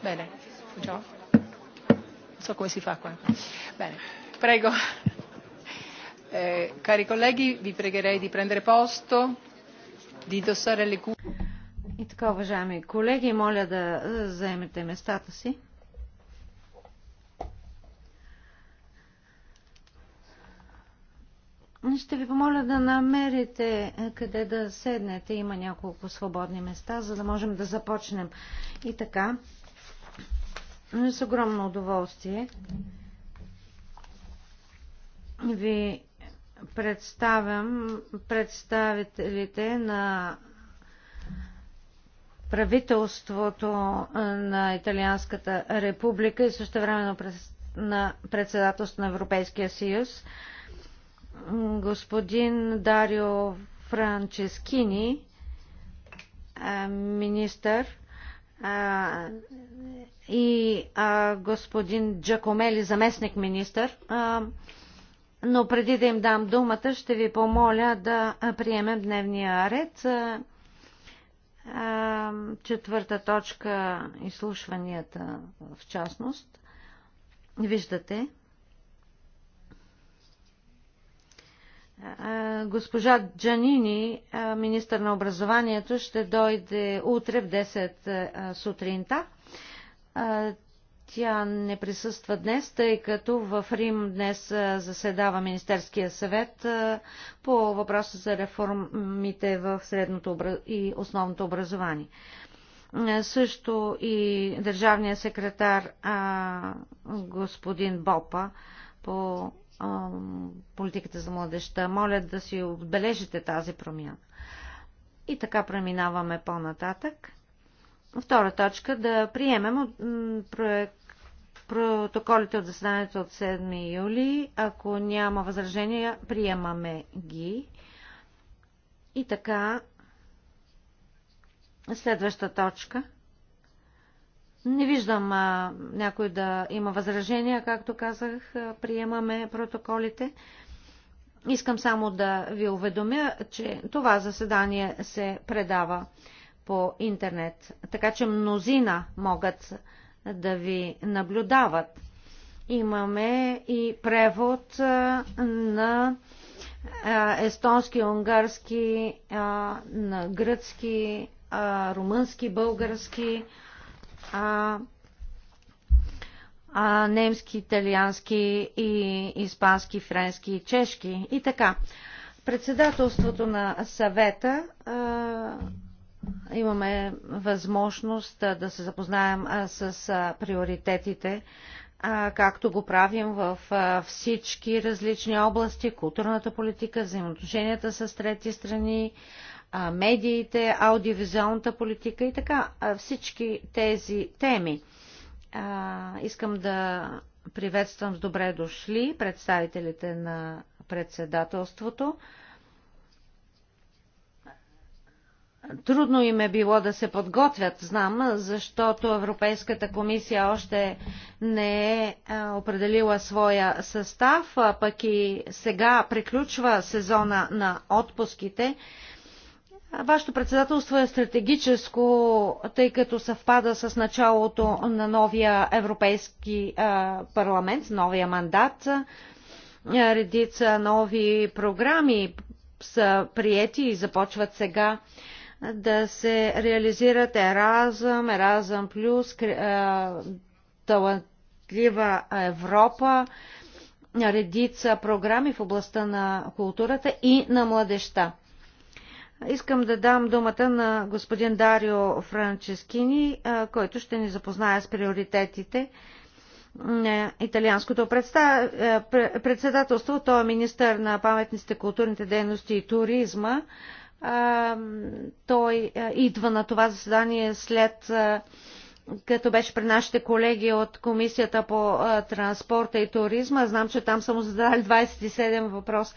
Bene, già. Non so come si fa qua. Bene, prego. Eh, cari colleghi, vi pregherei di prendere posto, di indossare le cuffie. И така, уважаеми колеги, моля да заемете местата си. Ще ви помоля да намерите е, къде да седнете. Има няколко свободни места, за да можем да започнем. И така, с огромно удоволствие ви представям представителите на правителството е, на Италианската република и също времено на председателство на Европейския съюз – господин Дарио Франческини, министър, и господин Джакомели, заместник министър. Но преди да им дам думата, ще ви помоля да приемем дневния ред. Четвърта точка изслушванията в частност. Виждате, Госпожа Джанини, министър на образованието, ще дойде утре в 10 сутринта. Тя не присъства днес, тъй като в Рим днес заседава Министерския съвет по въпроса за реформите в средното и основното образование. Също и държавния секретар господин Бопа по политиката за младеща. Моля да си отбележите тази промяна. И така преминаваме по-нататък. Втора точка да приемем проект протоколите от заседанието от 7 юли. Ако няма възражения, приемаме ги. И така, следваща точка – не виждам а, някой да има възражения, както казах, приемаме протоколите. Искам само да ви уведомя, че това заседание се предава по интернет, така че мнозина могат да ви наблюдават. Имаме и превод на естонски, унгарски, на гръцки, румънски, български, а, а, немски, италиански и испански, френски и чешки. И така. Председателството на съвета а, имаме възможност да се запознаем с приоритетите, както го правим в всички различни области, културната политика, взаимоотношенията с трети страни, медиите, аудиовизуалната политика и така. Всички тези теми. Искам да приветствам с добре дошли представителите на председателството. Трудно им е било да се подготвят, знам, защото Европейската комисия още не е определила своя състав, пък и сега приключва сезона на отпуските, Вашето председателство е стратегическо, тъй като съвпада с началото на новия Европейски парламент, новия мандат. Редица нови програми са приети и започват сега да се реализират Еразъм, Еразъм Плюс, Талантлива Европа, редица програми в областта на културата и на младеща. Искам да дам думата на господин Дарио Франческини, който ще ни запознае с приоритетите на италианското председателство. Той е министър на паметниците, културните дейности и туризма. Той идва на това заседание след като беше при нашите колеги от Комисията по транспорта и туризма. Знам, че там са му задали 27 въпроса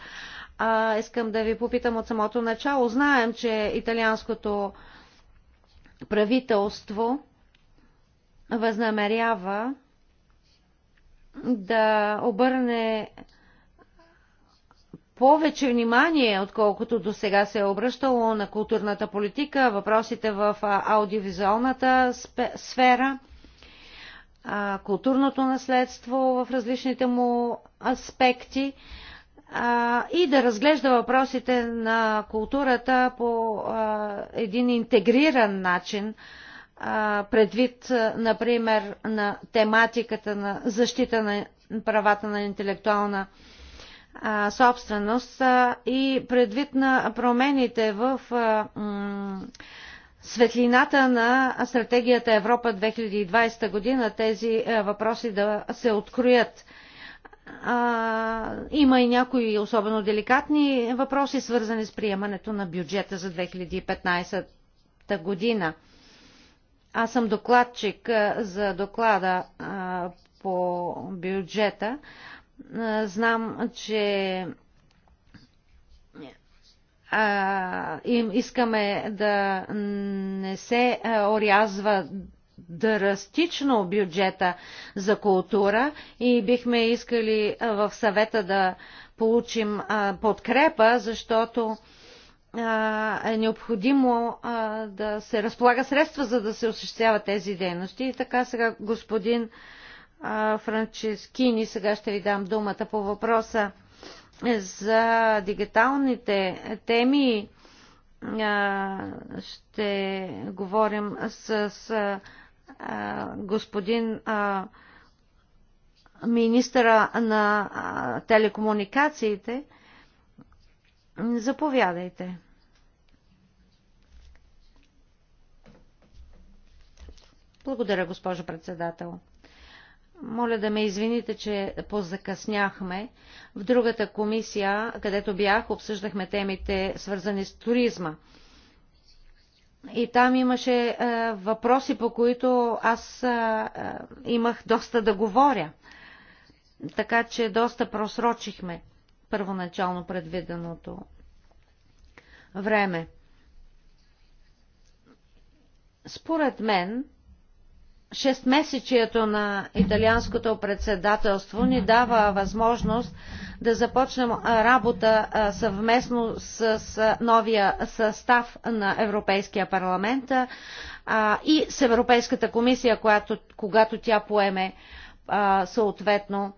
а, искам да ви попитам от самото начало. Знаем, че италианското правителство възнамерява да обърне повече внимание, отколкото до сега се е обръщало на културната политика, въпросите в аудиовизуалната сфера, културното наследство в различните му аспекти а, и да разглежда въпросите на културата по а, един интегриран начин, а, предвид, например, на тематиката на защита на правата на интелектуална а, собственост а, и предвид на промените в а, светлината на стратегията Европа 2020 година тези въпроси да се откроят. А, има и някои особено деликатни въпроси, свързани с приемането на бюджета за 2015 година. Аз съм докладчик за доклада а, по бюджета. А, знам, че а, им искаме да не се орязва драстично бюджета за култура и бихме искали в съвета да получим подкрепа, защото е необходимо да се разполага средства, за да се осъществяват тези дейности. И така сега господин Франческини, сега ще ви дам думата по въпроса за дигиталните теми. Ще говорим с господин министъра на телекомуникациите. Заповядайте. Благодаря, госпожо председател. Моля да ме извините, че позакъсняхме. В другата комисия, където бях, обсъждахме темите, свързани с туризма. И там имаше е, въпроси, по които аз е, е, имах доста да говоря. Така че доста просрочихме първоначално предвиденото време. Според мен, шестмесечието на италианското председателство ни дава възможност да започнем работа съвместно с новия състав на Европейския парламент и с Европейската комисия, която, когато тя поеме съответно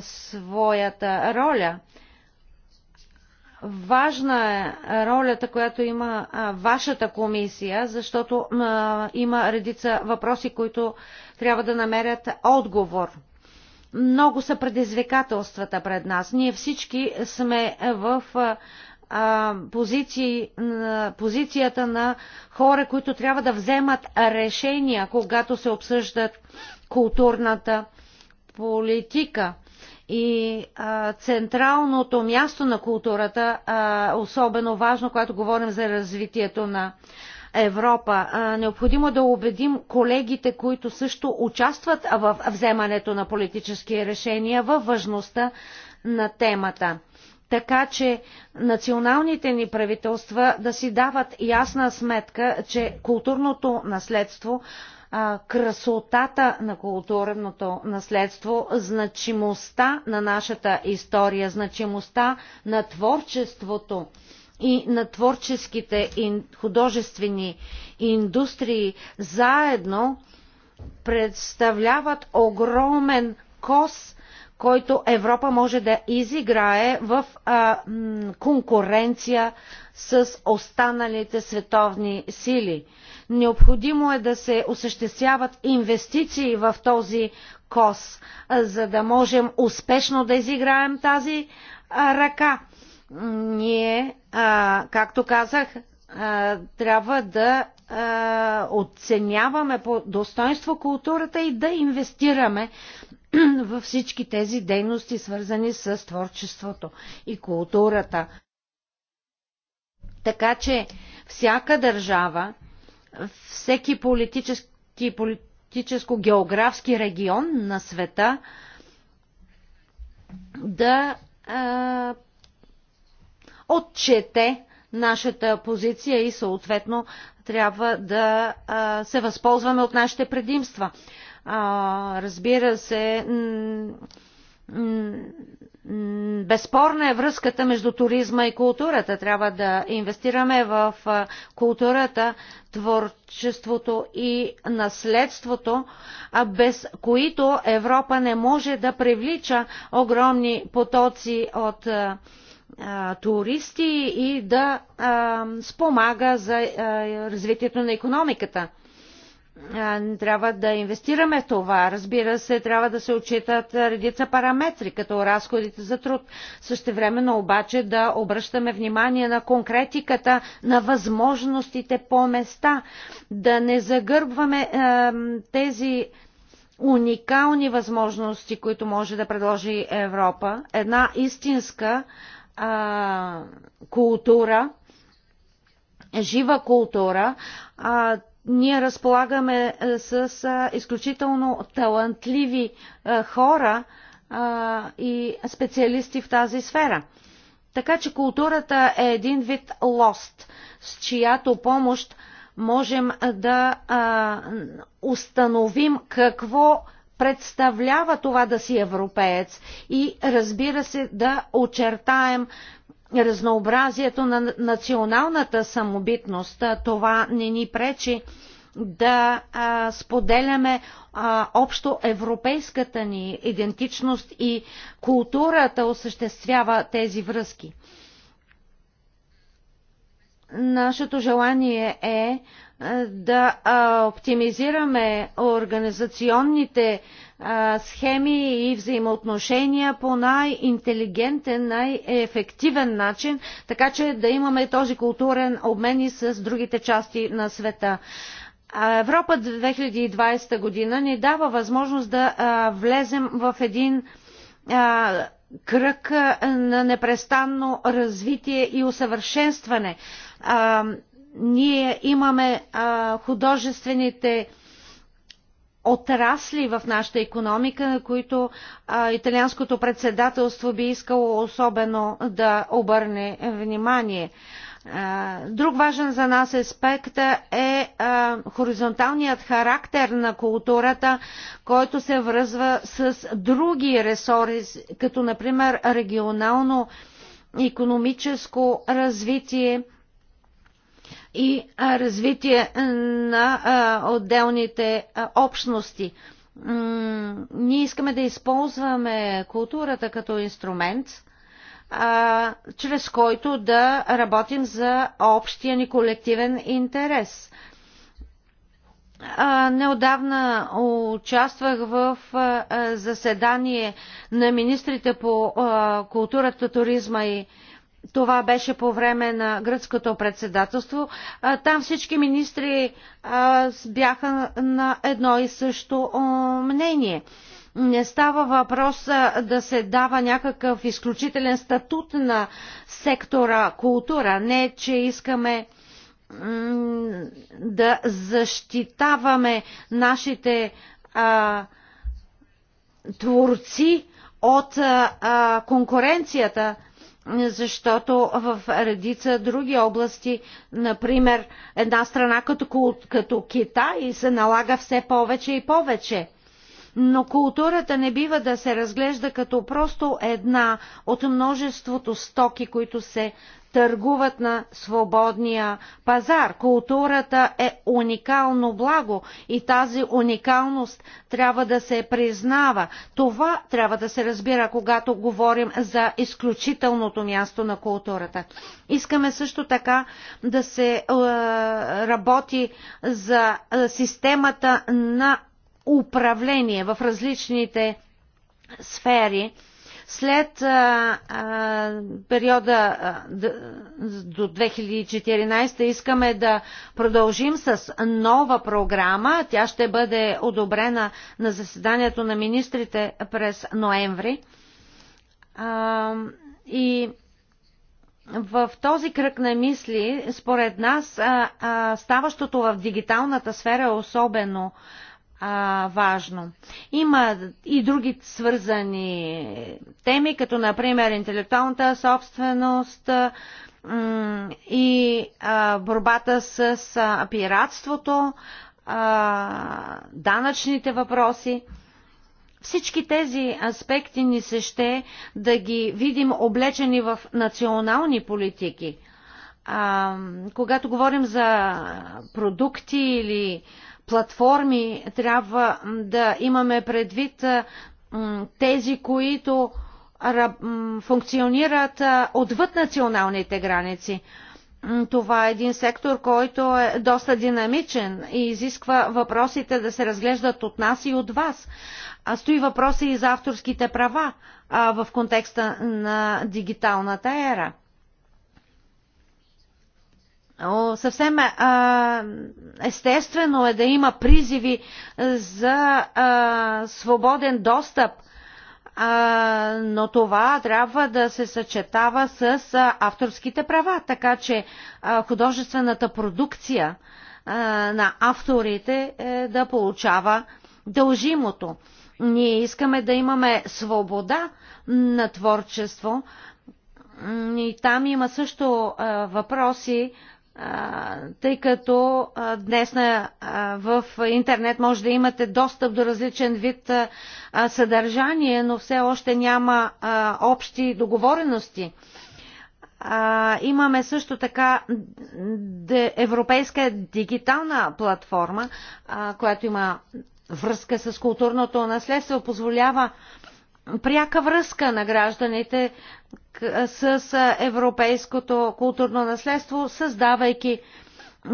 своята роля. Важна е ролята, която има вашата комисия, защото има редица въпроси, които трябва да намерят отговор. Много са предизвикателствата пред нас. Ние всички сме в позиции, позицията на хора, които трябва да вземат решения, когато се обсъждат културната политика и а, централното място на културата, а, особено важно, когато говорим за развитието на Европа. А, необходимо е да убедим колегите, които също участват в вземането на политически решения, във важността на темата така че националните ни правителства да си дават ясна сметка, че културното наследство красотата на културното наследство, значимостта на нашата история, значимостта на творчеството и на творческите и художествени индустрии заедно представляват огромен кос, който Европа може да изиграе в а, конкуренция с останалите световни сили. Необходимо е да се осъществяват инвестиции в този кос, за да можем успешно да изиграем тази ръка. Ние, както казах, трябва да оценяваме по достоинство културата и да инвестираме във всички тези дейности, свързани с творчеството и културата. Така че всяка държава всеки политически, политическо-географски регион на света да а, отчете нашата позиция и съответно трябва да а, се възползваме от нашите предимства. А, разбира се, Безспорна е връзката между туризма и културата. Трябва да инвестираме в културата, творчеството и наследството, без които Европа не може да привлича огромни потоци от туристи и да спомага за развитието на економиката трябва да инвестираме в това. Разбира се, трябва да се отчитат редица параметри, като разходите за труд. Същевременно обаче да обръщаме внимание на конкретиката, на възможностите по места, да не загърбваме е, тези уникални възможности, които може да предложи Европа. Една истинска е, култура, жива култура, ние разполагаме е, с е, изключително талантливи е, хора и специалисти в тази сфера. Така че културата е един вид лост, с чиято помощ можем да установим какво представлява това да си европеец и разбира се да очертаем разнообразието на националната самобитност. Това не ни пречи да а, споделяме а, общо европейската ни идентичност и културата осъществява тези връзки. Нашето желание е да оптимизираме организационните схеми и взаимоотношения по най-интелигентен, най-ефективен начин, така че да имаме този културен обмен и с другите части на света. Европа 2020 година ни дава възможност да влезем в един кръг на непрестанно развитие и усъвършенстване. Ние имаме художествените отрасли в нашата економика, на които а, италианското председателство би искало особено да обърне внимание. А, друг важен за нас аспект е а, хоризонталният характер на културата, който се връзва с други ресори, като например регионално економическо развитие и развитие на отделните общности. Ние искаме да използваме културата като инструмент, чрез който да работим за общия ни колективен интерес. Неодавна участвах в заседание на министрите по културата, туризма и това беше по време на гръцкото председателство. Там всички министри бяха на едно и също мнение. Не става въпрос да се дава някакъв изключителен статут на сектора култура. Не, че искаме да защитаваме нашите а, творци от а, конкуренцията защото в редица други области, например една страна като, като Китай, се налага все повече и повече но културата не бива да се разглежда като просто една от множеството стоки, които се търгуват на свободния пазар. Културата е уникално благо и тази уникалност трябва да се признава. Това трябва да се разбира, когато говорим за изключителното място на културата. Искаме също така да се е, работи за е, системата на управление в различните сфери след а, а, периода а, до 2014 искаме да продължим с нова програма. Тя ще бъде одобрена на заседанието на министрите през ноември. А, и в този кръг на мисли, според нас, а, а, ставащото в дигиталната сфера е особено а, а, важно. Има и други свързани теми, като например интелектуалната собственост и а, борбата с а, пиратството, а, данъчните въпроси. Всички тези аспекти ни се ще да ги видим облечени в национални политики. А, когато говорим за продукти или а, платформи трябва да имаме предвид тези, които функционират отвъд националните граници. Това е един сектор, който е доста динамичен и изисква въпросите да се разглеждат от нас и от вас. А стои въпроса и за авторските права а, в контекста на дигиталната ера. О, съвсем а, естествено е да има призиви за а, свободен достъп, а, но това трябва да се съчетава с а, авторските права, така че а, художествената продукция а, на авторите е да получава дължимото. Ние искаме да имаме свобода на творчество и там има също а, въпроси, тъй като днес в интернет може да имате достъп до различен вид съдържание, но все още няма общи договорености. Имаме също така европейска дигитална платформа, която има връзка с културното наследство, позволява пряка връзка на гражданите с европейското културно наследство, създавайки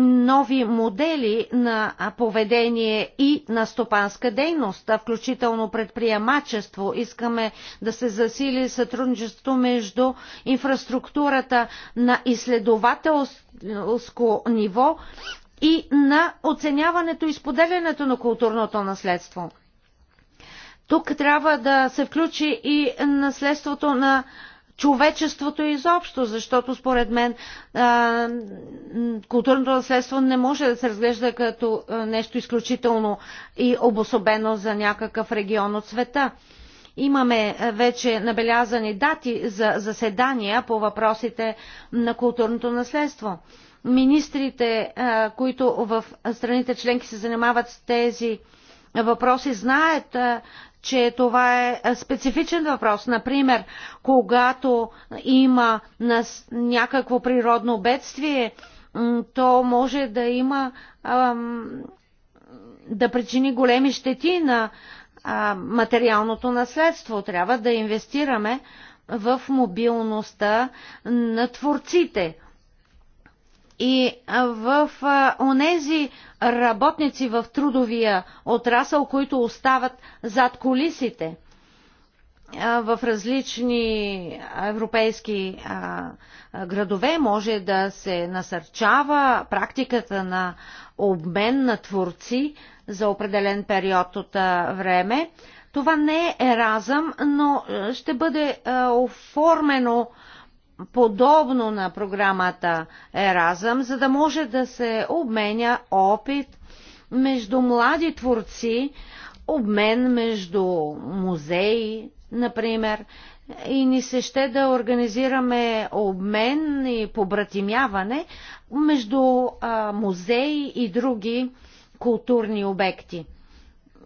нови модели на поведение и на стопанска дейност, включително предприемачество. Искаме да се засили сътрудничество между инфраструктурата на изследователско ниво и на оценяването и споделянето на културното наследство. Тук трябва да се включи и наследството на човечеството изобщо, защото според мен а, културното наследство не може да се разглежда като нещо изключително и обособено за някакъв регион от света. Имаме вече набелязани дати за заседания по въпросите на културното наследство. Министрите, които в страните членки се занимават с тези въпроси, знаят, че това е, е специфичен въпрос. Например, когато има някакво природно бедствие, то може да има да причини големи щети на материалното наследство. Трябва да инвестираме в мобилността на творците – и в онези работници в трудовия отрасъл, които остават зад колисите в различни европейски градове може да се насърчава практиката на обмен на творци за определен период от време. Това не е еразъм, но ще бъде оформено подобно на програмата Еразъм, за да може да се обменя опит между млади творци, обмен между музеи, например, и ни се ще да организираме обмен и побратимяване между а, музеи и други културни обекти.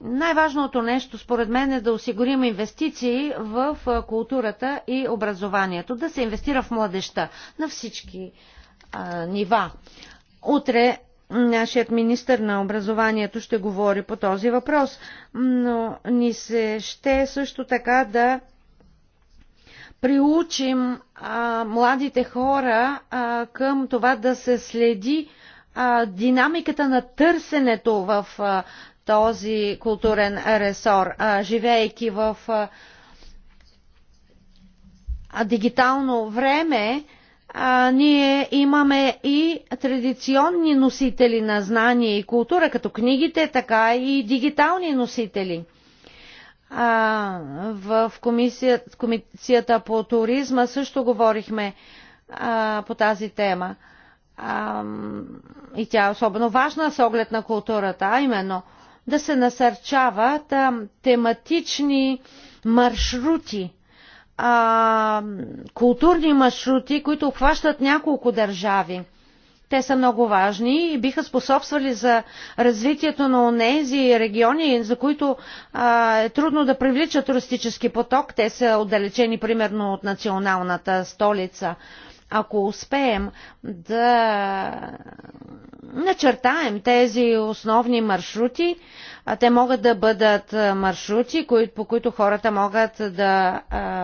Най-важното нещо, според мен, е да осигурим инвестиции в културата и образованието, да се инвестира в младеща на всички а, нива. Утре нашият министр на образованието ще говори по този въпрос, но ни се ще също така да приучим а, младите хора а, към това да се следи а, динамиката на търсенето в а, този културен ресор. Живеейки в дигитално време, ние имаме и традиционни носители на знание и култура, като книгите, така и дигитални носители. А, в комисията, комисията по туризма също говорихме а, по тази тема. А, и тя е особено важна с оглед на културата, а именно – да се насърчават а, тематични маршрути, а, културни маршрути, които обхващат няколко държави. Те са много важни и биха способствали за развитието на онези региони, за които а, е трудно да привличат туристически поток. Те са отдалечени примерно от националната столица. Ако успеем да начертаем тези основни маршрути, те могат да бъдат маршрути, по които хората могат да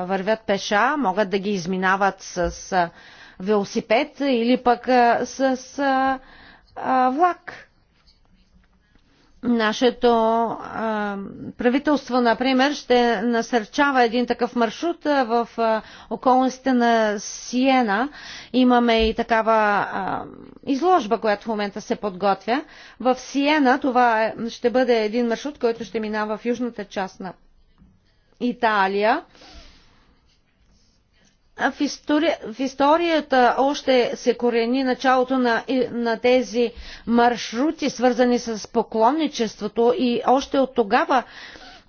вървят пеша, могат да ги изминават с велосипед или пък с влак Нашето а, правителство, например, ще насърчава един такъв маршрут а, в а, околностите на Сиена. Имаме и такава а, изложба, която в момента се подготвя. В Сиена това е, ще бъде един маршрут, който ще минава в южната част на Италия в, история, в историята още се корени началото на, на тези маршрути, свързани с поклонничеството и още от тогава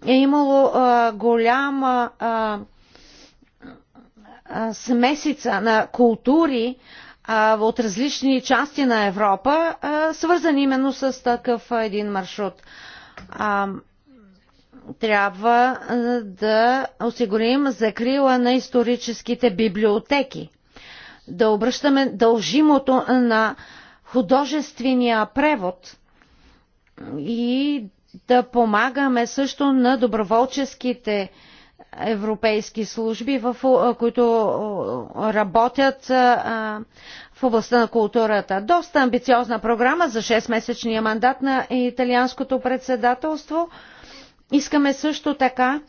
е имало а, голяма а, а, смесица на култури а, от различни части на Европа, а, свързани именно с такъв един маршрут. А, трябва да осигурим закрила на историческите библиотеки, да обръщаме дължимото на художествения превод и да помагаме също на доброволческите европейски служби, в които работят в областта на културата. Доста амбициозна програма за 6-месечния мандат на италианското председателство – Искаме също така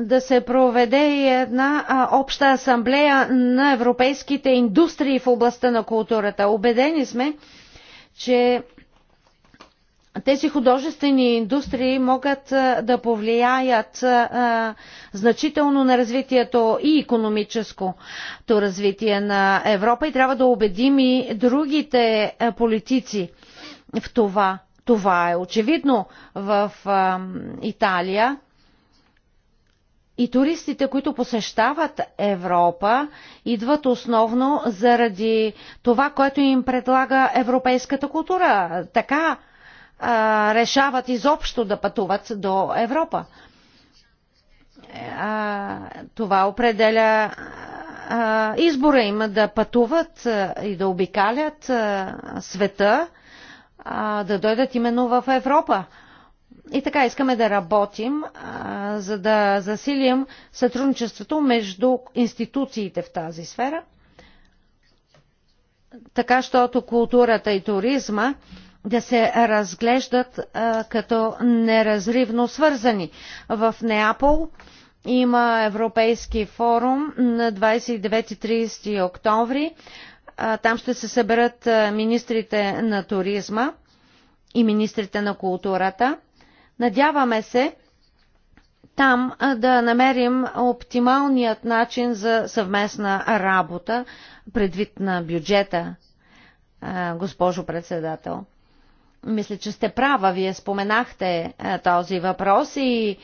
да се проведе и една а, обща асамблея на европейските индустрии в областта на културата. Обедени сме, че тези художествени индустрии могат а, да повлияят а, значително на развитието и економическото развитие на Европа и трябва да убедим и другите а, политици в това. Това е очевидно в а, Италия. И туристите, които посещават Европа, идват основно заради това, което им предлага европейската култура. Така а, решават изобщо да пътуват до Европа. А, това определя а, избора им да пътуват а, и да обикалят а, света а, да дойдат именно в Европа. И така искаме да работим, а, за да засилим сътрудничеството между институциите в тази сфера, така щото културата и туризма да се разглеждат а, като неразривно свързани. В Неапол има Европейски форум на 29-30 октомври. А, там ще се съберат министрите на туризма и министрите на културата. Надяваме се там да намерим оптималният начин за съвместна работа предвид на бюджета, госпожо председател. Мисля, че сте права. Вие споменахте този въпрос и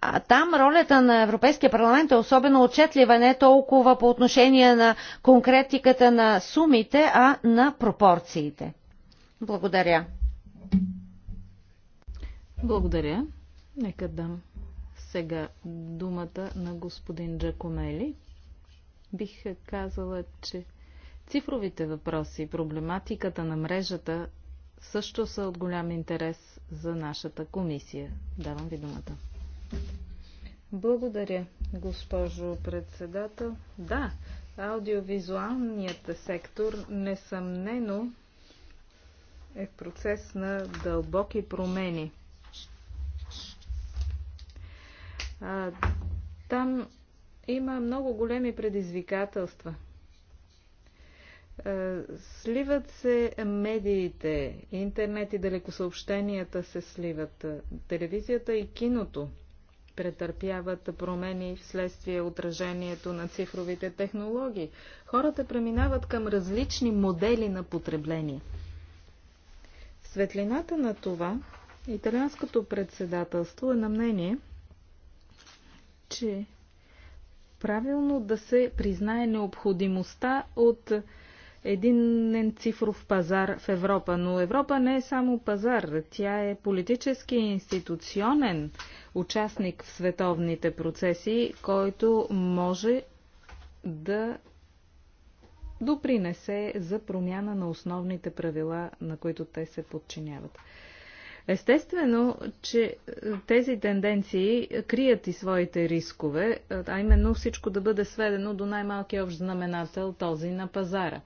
а там ролята на Европейския парламент е особено отчетлива, не толкова по отношение на конкретиката на сумите, а на пропорциите. Благодаря. Благодаря. Нека дам сега думата на господин Джакомели. Бих казала, че цифровите въпроси и проблематиката на мрежата също са от голям интерес за нашата комисия. Давам ви думата. Благодаря, госпожо председател. Да, аудиовизуалният сектор несъмнено е в процес на дълбоки промени. А, там има много големи предизвикателства. сливат се медиите, интернет и далекосъобщенията се сливат, телевизията и киното – претърпяват промени вследствие отражението на цифровите технологии. Хората преминават към различни модели на потребление. В светлината на това, италианското председателство е на мнение, че правилно да се признае необходимостта от един цифров пазар в Европа. Но Европа не е само пазар, тя е политически и институционен участник в световните процеси, който може да допринесе за промяна на основните правила, на които те се подчиняват. Естествено, че е, тези тенденции крият и своите рискове, а именно всичко да бъде сведено до най-малкия общ знаменател, този на пазара.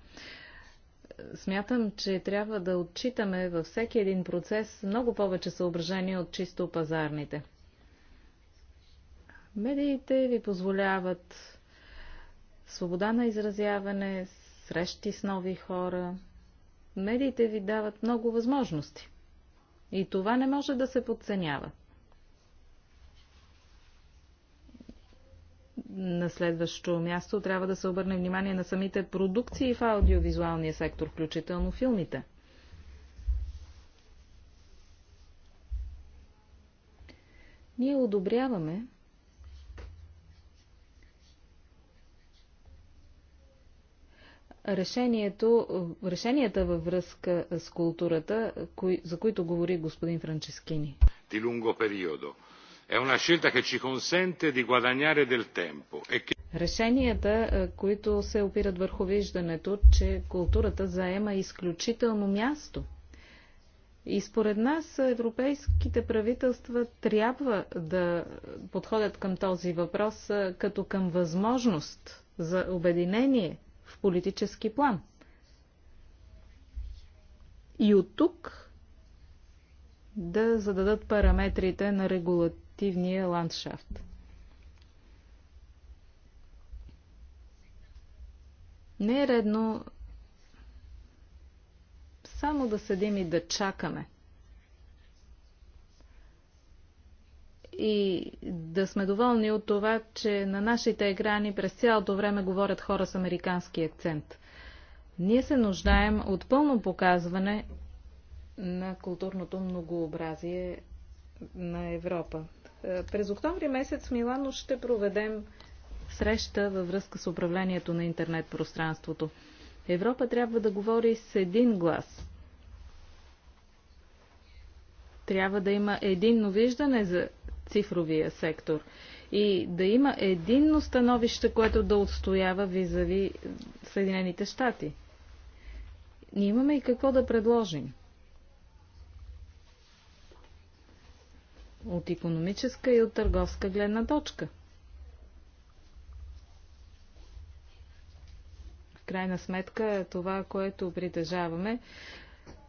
Смятам, че трябва да отчитаме във всеки един процес много повече съображения от чисто пазарните. Медиите ви позволяват свобода на изразяване, срещи с нови хора. Медиите ви дават много възможности. И това не може да се подценява. На следващо място трябва да се обърне внимание на самите продукции в аудиовизуалния сектор, включително филмите. Ние одобряваме решението, решенията във връзка с културата, кои, за които говори господин Франческини. Ти лунго периодо. Е una scelta che ci консенте ди гладаняре дел темпо. Решенията, е, които се опират върху виждането, че културата заема изключително място. И според нас европейските правителства трябва да подходят към този въпрос е, като към възможност за обединение политически план. И от тук да зададат параметрите на регулативния ландшафт. Не е редно само да седим и да чакаме. и да сме доволни от това, че на нашите екрани през цялото време говорят хора с американски акцент. Ние се нуждаем от пълно показване на културното многообразие на Европа. Е, през октомври месец в Милано ще проведем среща във връзка с управлението на интернет пространството. Европа трябва да говори с един глас. Трябва да има единно виждане за цифровия сектор и да има единно становище, което да отстоява визави Съединените щати. Ние имаме и какво да предложим. От економическа и от търговска гледна точка. В крайна сметка, това, което притежаваме,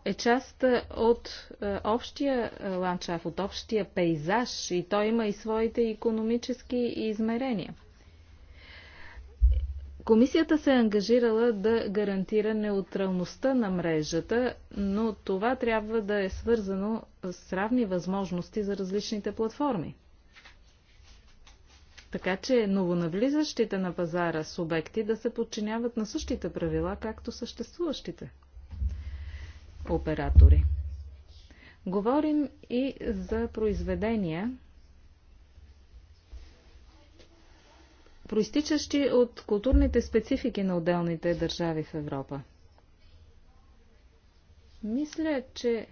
е част е, от е, общия е, ландшафт, от общия пейзаж и той има и своите економически измерения. Комисията се е ангажирала да гарантира неутралността на мрежата, но това трябва да е свързано с равни възможности за различните платформи. Така че новонавлизащите на пазара субекти да се подчиняват на същите правила, както съществуващите оператори. Говорим и за произведения, проистичащи от културните специфики на отделните държави в Европа. Мисля, че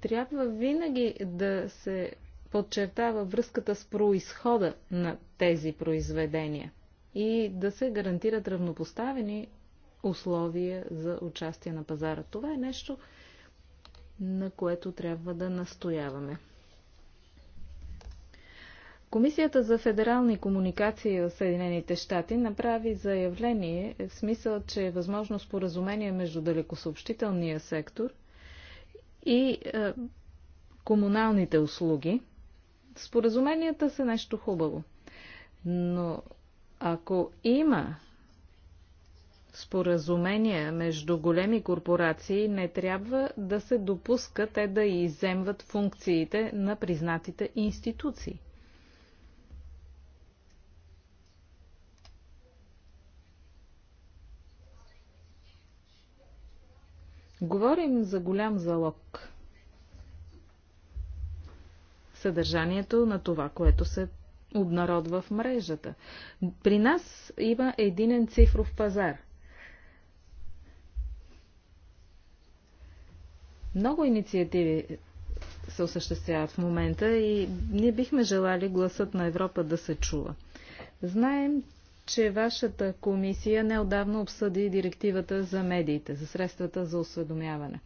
трябва винаги да се подчертава връзката с происхода на тези произведения и да се гарантират равнопоставени условия за участие на пазара. Това е нещо, на което трябва да настояваме. Комисията за федерални комуникации в Съединените щати направи заявление в смисъл, че е възможно споразумение между далекосъобщителния сектор и е, комуналните услуги. Споразуменията са нещо хубаво, но ако има споразумения между големи корпорации не трябва да се допуска те да иземват функциите на признатите институции. Говорим за голям залог. Съдържанието на това, което се обнародва в мрежата. При нас има единен цифров пазар – Много инициативи се осъществяват в момента и ние бихме желали гласът на Европа да се чува. Знаем, че вашата комисия неодавно обсъди директивата за медиите, за средствата за осведомяване.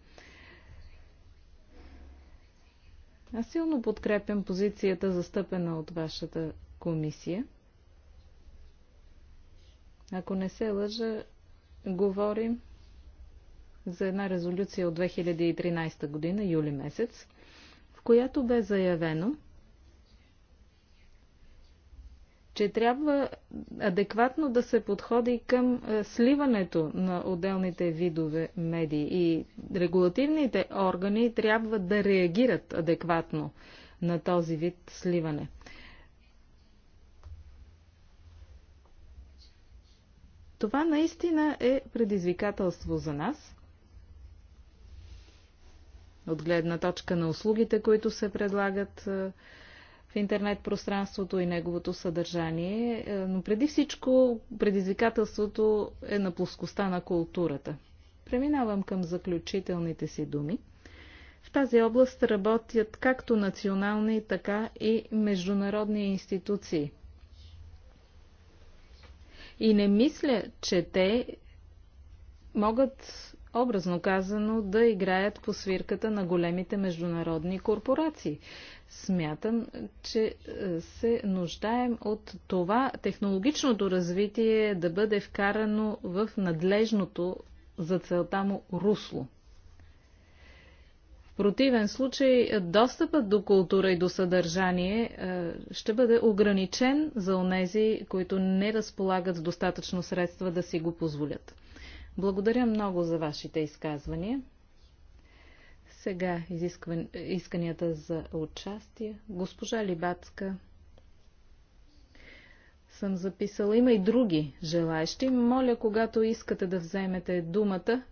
Аз силно подкрепям позицията, застъпена от вашата комисия. Ако не се лъжа, говорим за една резолюция от 2013 година, юли месец, в която бе заявено, че трябва адекватно да се подходи към е, сливането на отделните видове медии и регулативните органи трябва да реагират адекватно на този вид сливане. Това наистина е предизвикателство за нас от гледна точка на услугите, които се предлагат е, в интернет пространството и неговото съдържание, е, но преди всичко предизвикателството е на плоскостта на културата. Преминавам към заключителните си думи. В тази област работят както национални, така и международни институции. И не мисля, че те могат образно казано, да играят по свирката на големите международни корпорации. Смятам, че е, се нуждаем от това технологичното развитие да бъде вкарано в надлежното за целта му русло. В противен случай достъпът до култура и до съдържание е, ще бъде ограничен за онези, които не разполагат с достатъчно средства да си го позволят. Благодаря много за вашите изказвания. Сега изискван... исканията за участие. Госпожа Либацка съм записала. Има и други желаещи. Моля, когато искате да вземете думата,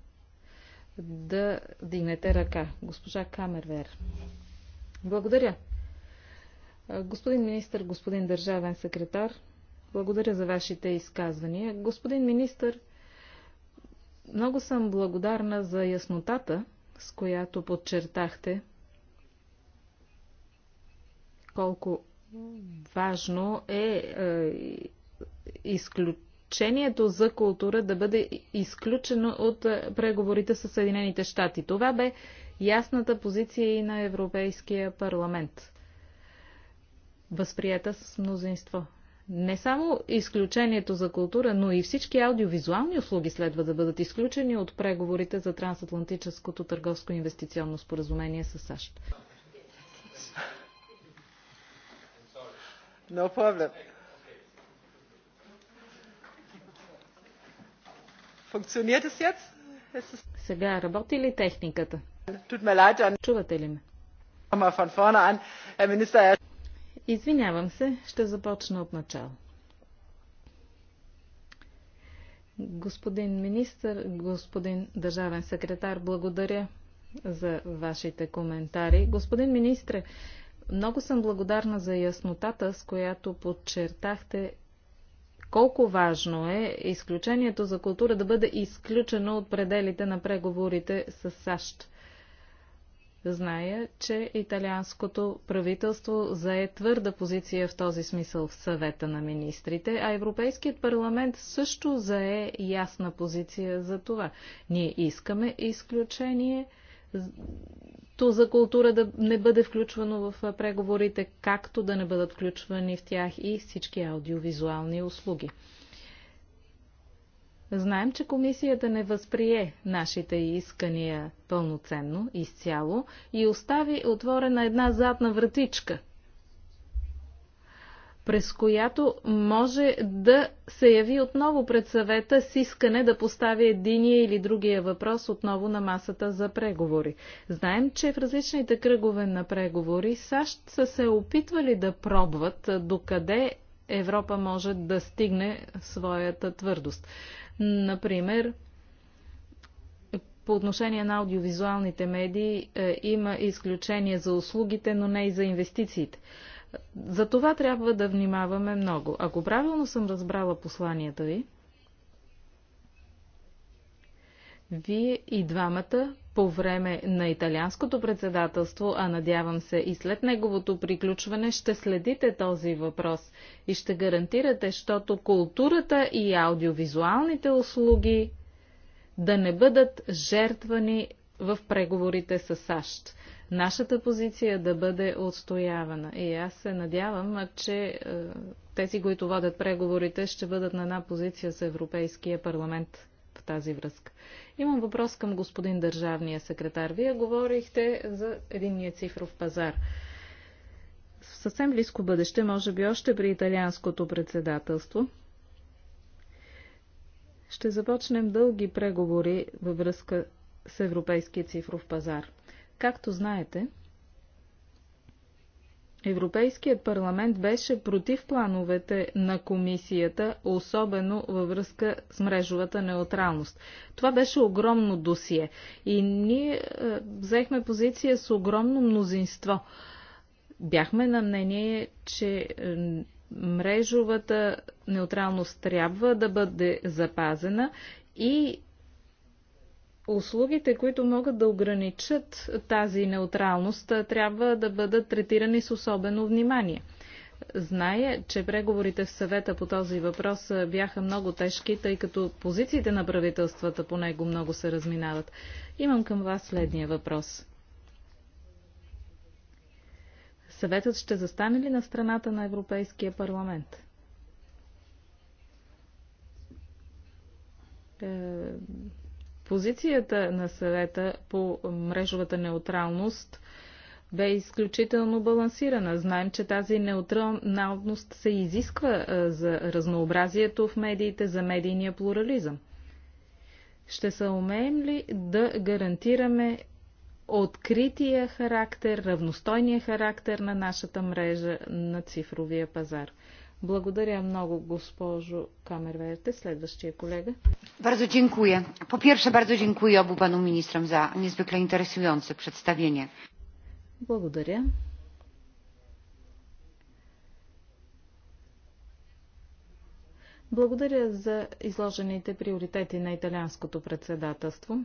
да дигнете ръка. Госпожа Камервер. Благодаря. Господин министр, господин държавен секретар, благодаря за вашите изказвания. Господин министр, много съм благодарна за яснотата, с която подчертахте колко важно е, е изключението за култура да бъде изключено от е, преговорите с Съединените щати. Това бе ясната позиция и на Европейския парламент, възприета с мнозинство не само изключението за култура, но и всички аудиовизуални услуги следва да бъдат изключени от преговорите за трансатлантическото търговско инвестиционно споразумение с САЩ. No problem. Funktioniert Сега работи ли техниката? Чувате ли ме? Извинявам се, ще започна от начало. Господин министр, господин държавен секретар, благодаря за вашите коментари. Господин министре, много съм благодарна за яснотата, с която подчертахте колко важно е изключението за култура да бъде изключено от пределите на преговорите с САЩ. Зная, че италианското правителство зае твърда позиция в този смисъл в съвета на министрите, а Европейският парламент също зае ясна позиция за това. Ние искаме изключение то за култура да не бъде включвано в преговорите, както да не бъдат включвани в тях и всички аудиовизуални услуги. Знаем, че комисията не възприе нашите искания пълноценно, изцяло и остави отворена една задна вратичка, през която може да се яви отново пред съвета с искане да постави единия или другия въпрос отново на масата за преговори. Знаем, че в различните кръгове на преговори САЩ са се опитвали да пробват докъде Европа може да стигне своята твърдост. Например, по отношение на аудиовизуалните медии е, има изключение за услугите, но не и за инвестициите. За това трябва да внимаваме много. Ако правилно съм разбрала посланията ви, вие и двамата по време на италианското председателство, а надявам се и след неговото приключване, ще следите този въпрос и ще гарантирате, защото културата и аудиовизуалните услуги да не бъдат жертвани в преговорите с САЩ. Нашата позиция да бъде отстоявана. И аз се надявам, че е, тези, които водят преговорите, ще бъдат на една позиция с Европейския парламент в тази връзка. Имам въпрос към господин държавния секретар. Вие говорихте за единния цифров пазар. В съвсем близко бъдеще, може би още при италианското председателство, ще започнем дълги преговори във връзка с Европейския цифров пазар. Както знаете, Европейският парламент беше против плановете на комисията, особено във връзка с мрежовата неутралност. Това беше огромно досие и ние е, взехме позиция с огромно мнозинство. Бяхме на мнение, че е, мрежовата неутралност трябва да бъде запазена и услугите, които могат да ограничат тази неутралност, трябва да бъдат третирани с особено внимание. Зная, че преговорите в съвета по този въпрос бяха много тежки, тъй като позициите на правителствата по него много се разминават. Имам към вас следния въпрос. Съветът ще застане ли на страната на Европейския парламент? Е Позицията на съвета по мрежовата неутралност бе изключително балансирана. Знаем, че тази неутралност се изисква за разнообразието в медиите, за медийния плурализъм. Ще се умеем ли да гарантираме открития характер, равностойния характер на нашата мрежа на цифровия пазар? Благодаря много, госпожо Камерверте. Следващия колега. Bardzo dziękuję. Po pierwsze, bardzo dziękuję obu panu ministrom za niezwykle interesujące przedstawienie. Благодаря. Благодаря за изложените приоритети на италианското председателство.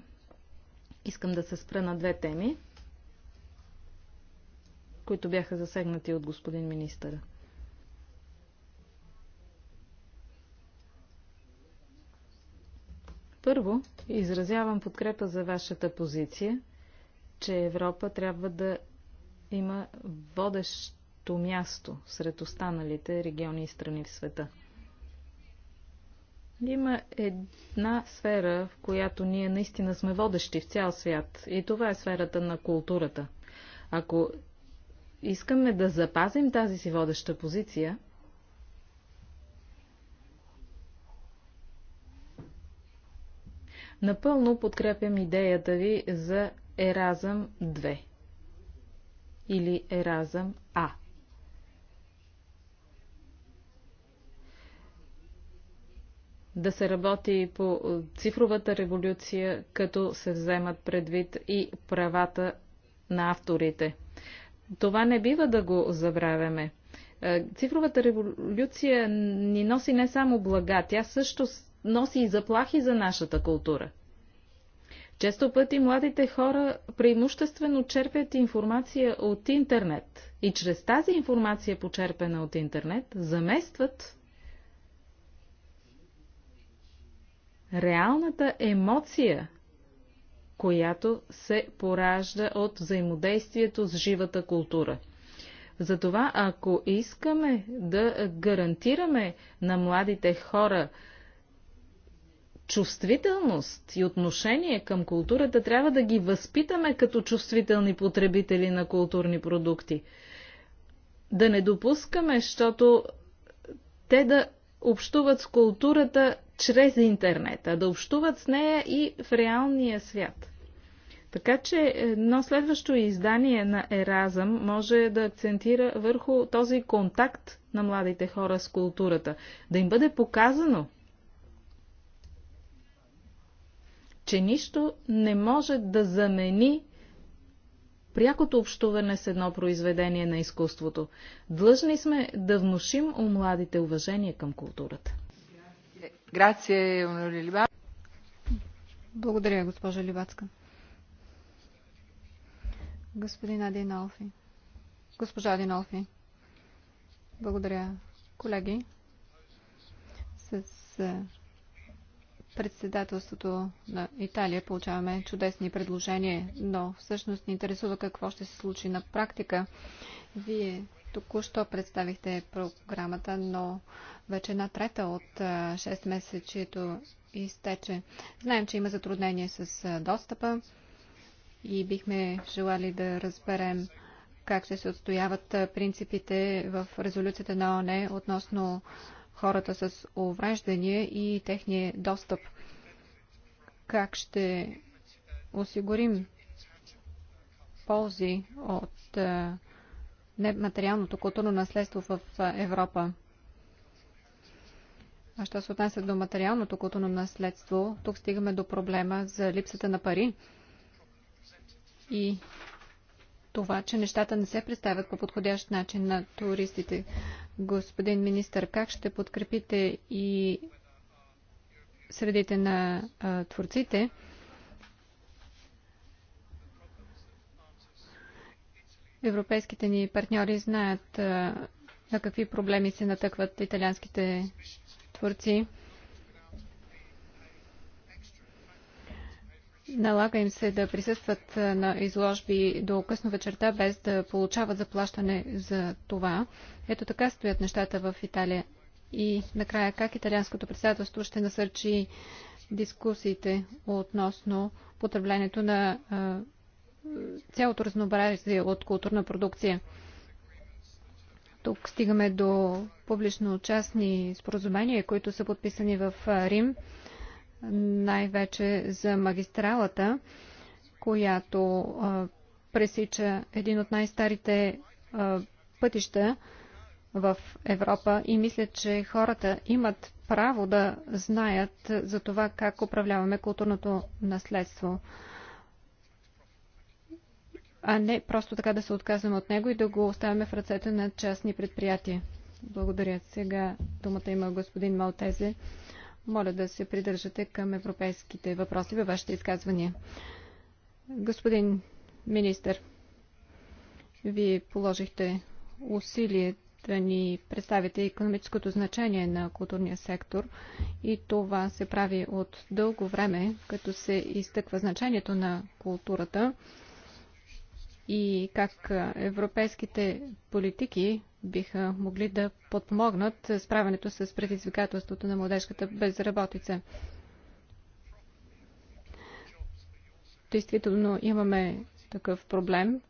Искам да се спра на две теми, които бяха засегнати от господин министъра. Първо, изразявам подкрепа за вашата позиция, че Европа трябва да има водещо място сред останалите региони и страни в света. Има една сфера, в която ние наистина сме водещи в цял свят, и това е сферата на културата. Ако искаме да запазим тази си водеща позиция, Напълно подкрепям идеята ви за Еразъм 2 или Еразъм А. да се работи по цифровата революция, като се вземат предвид и правата на авторите. Това не бива да го забравяме. Е, цифровата революция ни носи не само блага, тя също носи и заплахи за нашата култура. Често пъти младите хора преимуществено черпят информация от интернет и чрез тази информация, почерпена от интернет, заместват реалната емоция, която се поражда от взаимодействието с живата култура. Затова, ако искаме да гарантираме на младите хора чувствителност и отношение към културата трябва да ги възпитаме като чувствителни потребители на културни продукти. Да не допускаме, защото те да общуват с културата чрез интернета, да общуват с нея и в реалния свят. Така че едно следващо издание на Еразъм може да акцентира върху този контакт на младите хора с културата, да им бъде показано – че нищо не може да замени прякото общуване с едно произведение на изкуството. Длъжни сме да внушим у младите уважение към културата. Благодаря, госпожа Ливацка. Господин Адинолфи. Госпожа Адинолфи. Благодаря, колеги. С е, председателството на Италия получаваме чудесни предложения, но всъщност ни интересува какво ще се случи на практика. Вие току-що представихте програмата, но вече една трета от 6 месечето изтече. Знаем, че има затруднение с достъпа и бихме желали да разберем как ще се отстояват принципите в резолюцията на ОНЕ относно хората с увреждания и техния достъп. Как ще осигурим ползи от нематериалното културно наследство в Европа? А що се отнася до материалното културно наследство, тук стигаме до проблема за липсата на пари и това, че нещата не се представят по подходящ начин на туристите. Господин министър, как ще подкрепите и средите на а, творците? Европейските ни партньори знаят а, на какви проблеми се натъкват италианските творци. Налага им се да присъстват на изложби до късно вечерта, без да получават заплащане за това. Ето така стоят нещата в Италия. И накрая, как италианското председателство ще насърчи дискусиите относно потреблението на цялото разнообразие от културна продукция? Тук стигаме до публично-частни споразумения, които са подписани в Рим най-вече за магистралата, която а, пресича един от най-старите пътища в Европа и мисля, че хората имат право да знаят за това как управляваме културното наследство а не просто така да се отказваме от него и да го оставяме в ръцете на частни предприятия. Благодаря. Сега думата има господин Малтезе моля да се придържате към европейските въпроси във вашите изказвания. Господин министр, вие положихте усилие да ни представите економическото значение на културния сектор и това се прави от дълго време, като се изтъква значението на културата и как европейските политики биха могли да подмогнат справянето с предизвикателството на младежката безработица. Действително имаме такъв проблем.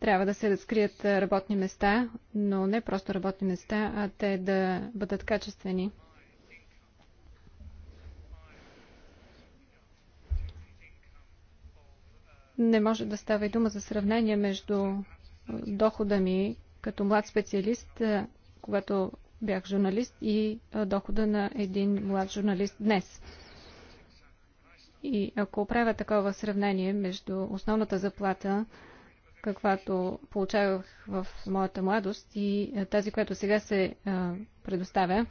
Трябва да се разкрият работни места, но не просто работни места, а те да бъдат качествени. Не може да става и дума за сравнение между дохода ми като млад специалист, е, когато бях журналист, и е, дохода на един млад журналист днес. И ако правя такова сравнение между основната заплата, каквато получавах в моята младост и е, тази, която сега се предоставя,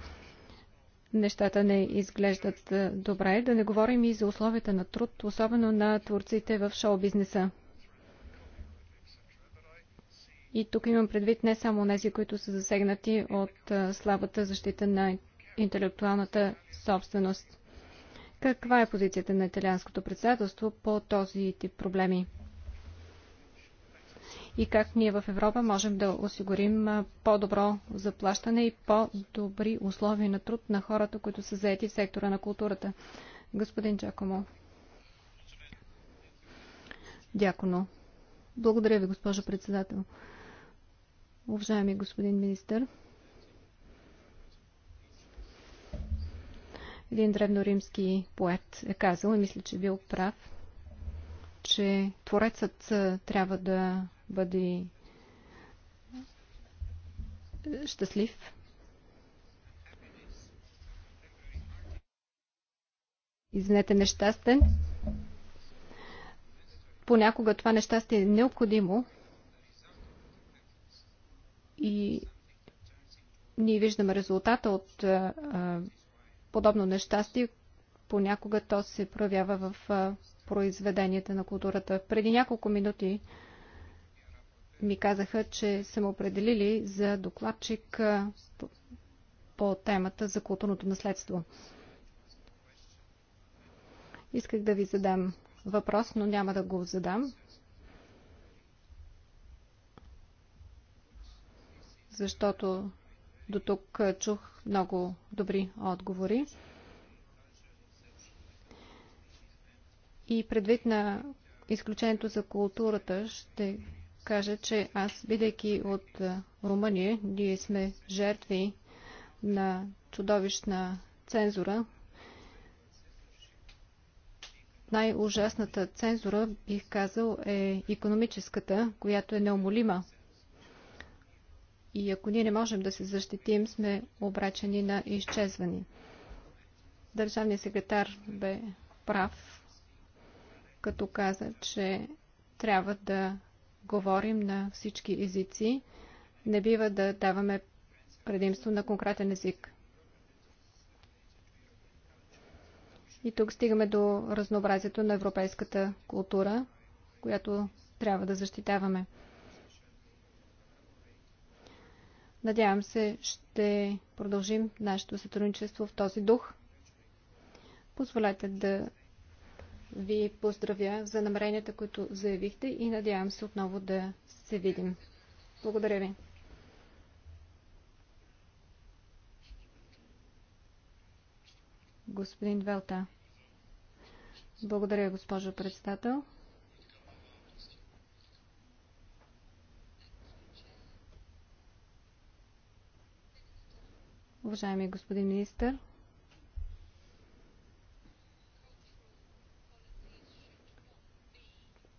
нещата не изглеждат е, добре. Да не говорим и за условията на труд, особено на творците в шоу-бизнеса. И тук имам предвид не само тези, които са засегнати от е, слабата защита на интелектуалната собственост. Каква е позицията на италианското председателство по този тип проблеми? и как ние в Европа можем да осигурим по-добро заплащане и по-добри условия на труд на хората, които са заети в сектора на културата. Господин Джакомо. Дяконо. Благодаря ви, госпожо председател. Уважаеми господин министър, един древноримски поет е казал, и мисля, че бил прав, че творецът трябва да Бъди щастлив. Извинете, нещастен. Понякога това нещастие е необходимо и ние виждаме резултата от а, подобно нещастие. Понякога то се проявява в а, произведенията на културата. Преди няколко минути ми казаха, че са ме определили за докладчик по темата за културното наследство. Исках да ви задам въпрос, но няма да го задам. Защото до тук чух много добри отговори. И предвид на изключението за културата, ще кажа, че аз, бидейки от Румъния, ние сме жертви на чудовищна цензура. Най-ужасната цензура, бих казал, е економическата, която е неумолима. И ако ние не можем да се защитим, сме обрачени на изчезване. Държавният секретар бе прав, като каза, че трябва да говорим на всички езици. Не бива да даваме предимство на конкретен език. И тук стигаме до разнообразието на европейската култура, която трябва да защитаваме. Надявам се, ще продължим нашето сътрудничество в този дух. Позволете да ви поздравя за намеренията, които заявихте и надявам се отново да се видим. Благодаря ви. Господин Велта. Благодаря, госпожо председател. Уважаеми господин министър,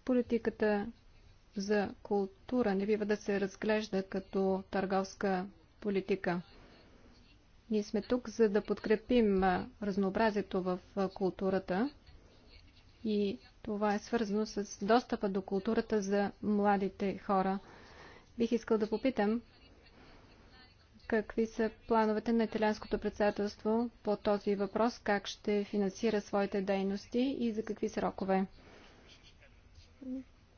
Политиката за култура не бива да се разглежда като търговска политика. Ние сме тук, за да подкрепим разнообразието в културата и това е свързано с достъпа до културата за младите хора. Бих искал да попитам какви са плановете на италианското председателство по този въпрос, как ще финансира своите дейности и за какви срокове.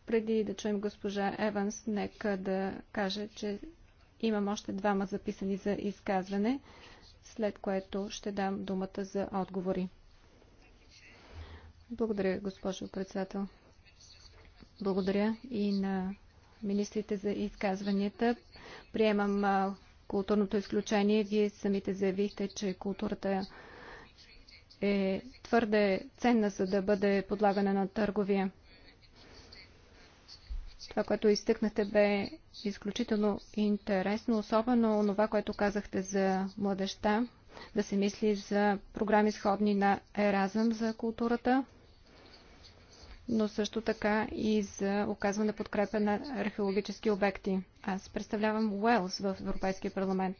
Преди да чуем госпожа Еванс, нека да кажа, че имам още двама записани за изказване, след което ще дам думата за отговори. Благодаря, госпожо председател. Благодаря и на министрите за изказванията. Приемам културното изключение. Вие самите заявихте, че културата е твърде ценна, за да бъде подлагана на търговия. Това, което изтъкнахте, бе изключително интересно, особено това, което казахте за младеща, да се мисли за програми сходни на Еразъм за културата, но също така и за оказване подкрепа на археологически обекти. Аз представлявам Уелс в Европейския парламент.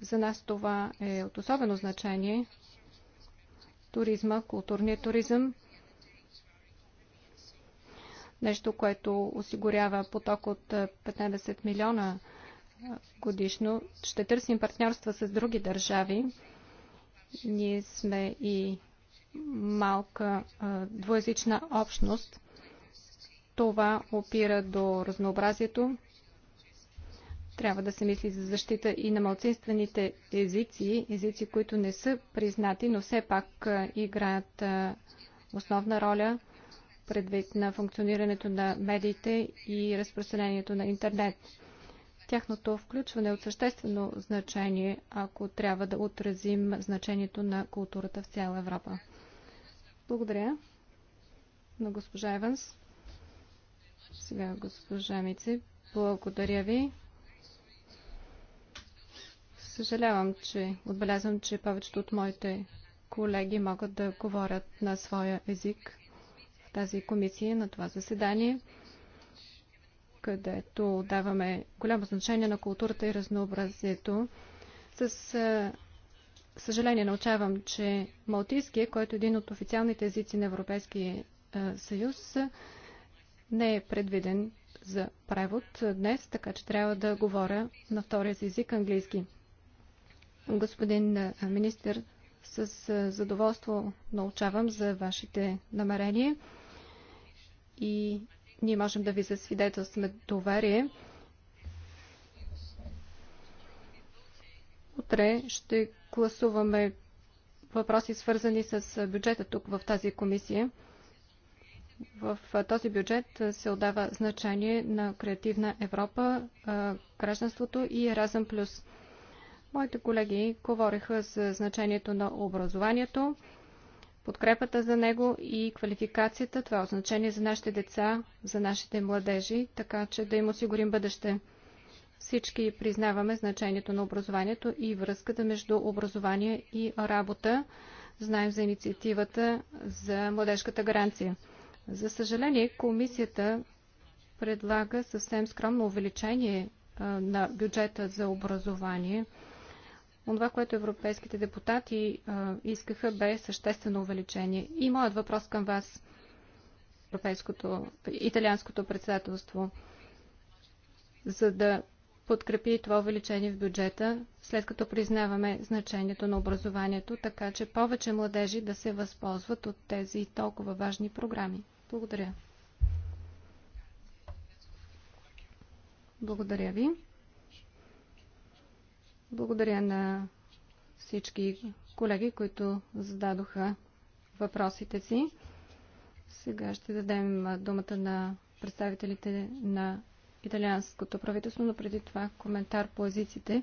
За нас това е от особено значение. Туризма, културния туризъм – нещо, което осигурява поток от 15 е, милиона е, годишно. Ще търсим партньорства с други държави. Ние сме и малка е, двоязична общност. Това опира до разнообразието. Трябва да се мисли за защита и на малцинствените езици, езици, които не са признати, но все пак играят основна роля – предвид на функционирането на медиите и разпространението на интернет. Тяхното включване е от съществено значение, ако трябва да отразим значението на културата в цяла Европа. Благодаря на госпожа Еванс. Сега госпожа Мици, благодаря ви. Съжалявам, че отбелязвам, че повечето от моите колеги могат да говорят на своя език тази комисия, на това заседание, където даваме голямо значение на културата и разнообразието. С съжаление научавам, че малтийския, който е един от официалните езици на Европейския съюз, не е предвиден за превод днес, така че трябва да говоря на втория си език английски. Господин министр, с задоволство научавам за вашите намерения и ние можем да ви засвидетелстваме доверие. Утре ще гласуваме въпроси свързани с бюджета тук в тази комисия. В този бюджет се отдава значение на креативна Европа, гражданството и Еразъм Плюс. Моите колеги говориха за значението на образованието подкрепата за него и квалификацията. Това е означение за нашите деца, за нашите младежи, така че да им осигурим бъдеще. Всички признаваме значението на образованието и връзката между образование и работа. Знаем за инициативата за младежката гаранция. За съжаление, комисията предлага съвсем скромно увеличение на бюджета за образование – Онова, което европейските депутати а, искаха, бе съществено увеличение. И моят въпрос към вас, европейското, италианското председателство, за да подкрепи това увеличение в бюджета, след като признаваме значението на образованието, така че повече младежи да се възползват от тези толкова важни програми. Благодаря. Благодаря ви. Благодаря на всички колеги, които зададоха въпросите си. Сега ще дадем думата на представителите на италианското правителство, но преди това коментар по езиците.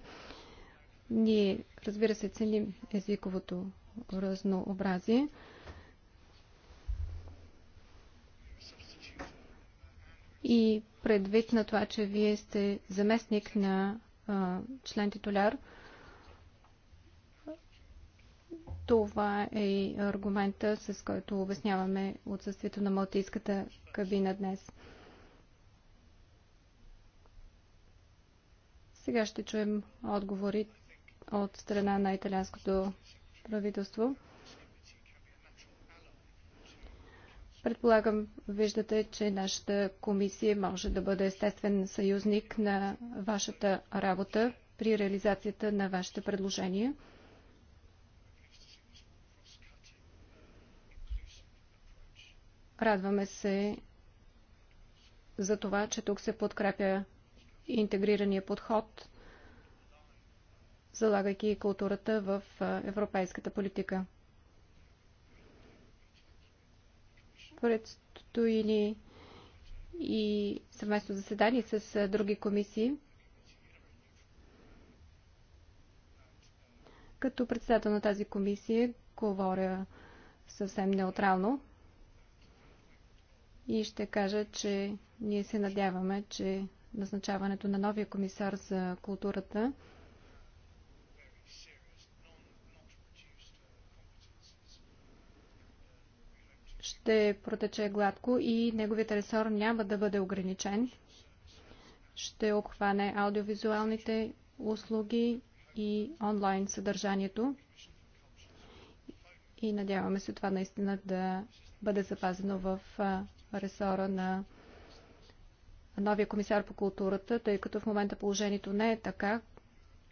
Ние, разбира се, ценим езиковото разнообразие. И предвид на това, че вие сте заместник на член титуляр. Това е и аргумента, с който обясняваме отсъствието на малтийската кабина днес. Сега ще чуем отговори от страна на италианското правителство. Предполагам, виждате, че нашата комисия може да бъде естествен съюзник на вашата работа при реализацията на вашите предложения. Радваме се за това, че тук се подкрепя интегрирания подход, залагайки културата в европейската политика. Предстои и съвместно заседание с други комисии. Като председател на тази комисия говоря съвсем неутрално и ще кажа, че ние се надяваме, че назначаването на новия комисар за културата – ще протече гладко и неговият ресор няма да бъде ограничен. Ще обхване аудиовизуалните услуги и онлайн съдържанието. И надяваме се това наистина да бъде запазено в ресора на новия комисар по културата, тъй като в момента положението не е така.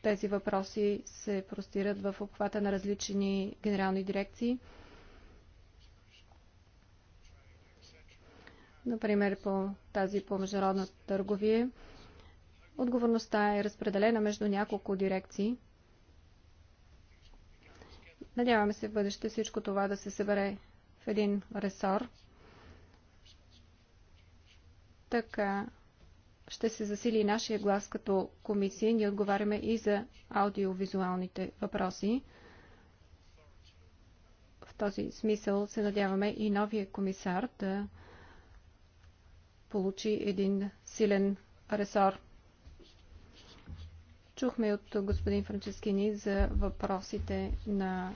Тези въпроси се простират в обхвата на различни генерални дирекции. например по тази по международна търговия, отговорността е разпределена между няколко дирекции. Надяваме се в бъдеще всичко това да се събере в един ресор. Така ще се засили и нашия глас като комисия. Ние отговаряме и за аудиовизуалните въпроси. В този смисъл се надяваме и новия комисар да получи един силен ресор. Чухме от господин Франческини за въпросите на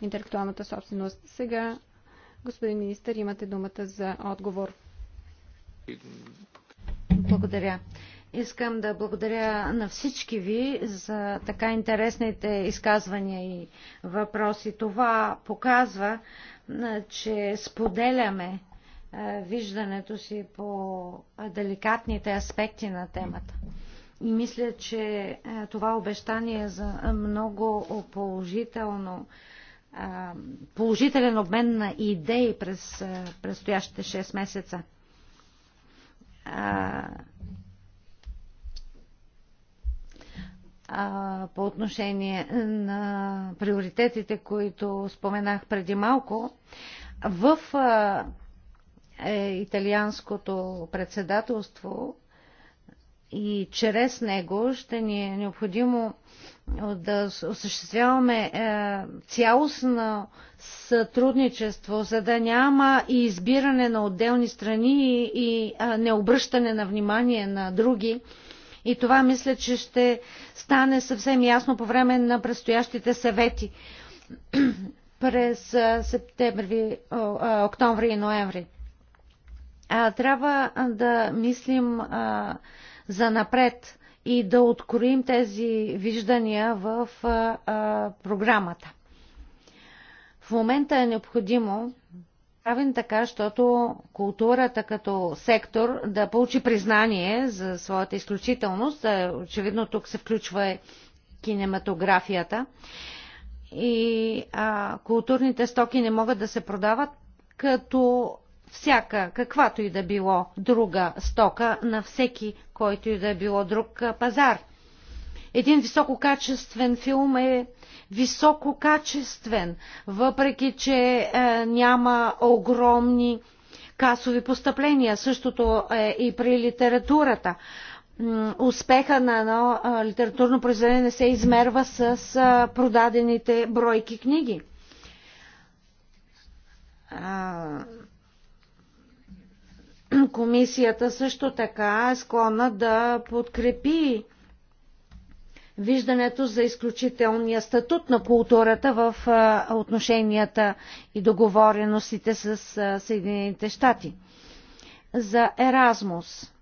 интелектуалната собственост. Сега, господин министър, имате думата за отговор. Благодаря. Искам да благодаря на всички ви за така интересните изказвания и въпроси. Това показва, че споделяме виждането си по деликатните аспекти на темата. И мисля, че това обещание е за много положително положителен обмен на идеи през предстоящите 6 месеца. по отношение на приоритетите, които споменах преди малко, в е италианското председателство и чрез него ще ни е необходимо да осъществяваме е, цялостно сътрудничество, за да няма и избиране на отделни страни и необръщане на внимание на други. И това мисля, че ще стане съвсем ясно по време на предстоящите съвети през септември, октомври и ноември а, трябва да мислим а, за напред и да откроим тези виждания в а, а, програмата. В момента е необходимо правим така, защото културата като сектор да получи признание за своята изключителност. Очевидно тук се включва кинематографията. И а, културните стоки не могат да се продават като всяка, каквато и да било друга стока на всеки, който и да е било друг пазар. Един висококачествен филм е висококачествен, въпреки че е, няма огромни касови постъпления. Същото е и при литературата. Успеха на едно литературно произведение не се измерва с продадените бройки книги. Комисията също така е склонна да подкрепи виждането за изключителния статут на културата в отношенията и договореностите с Съединените щати. За Еразмус.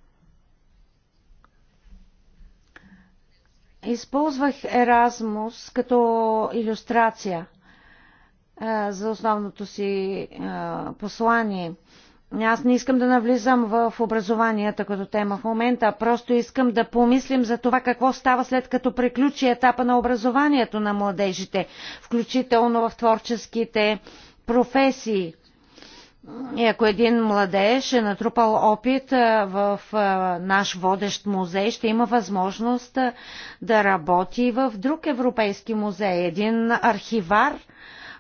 Използвах Еразмус като иллюстрация за основното си послание. Аз не искам да навлизам в образованията като тема в момента, а просто искам да помислим за това какво става след като приключи етапа на образованието на младежите, включително в творческите професии. И ако един младеж е натрупал опит в наш водещ музей, ще има възможност да работи в друг европейски музей. Един архивар –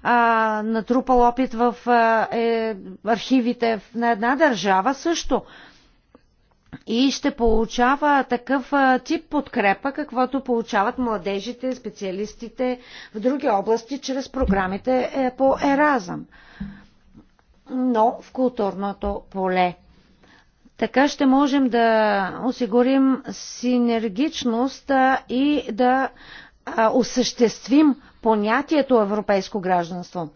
а, натрупал опит в а, е, архивите на една държава също и ще получава такъв тип подкрепа, каквото получават младежите, специалистите в други области, чрез програмите е, по Еразъм. Но в културното поле. Така ще можем да осигурим синергичност и да осъществим понятието европейско гражданство.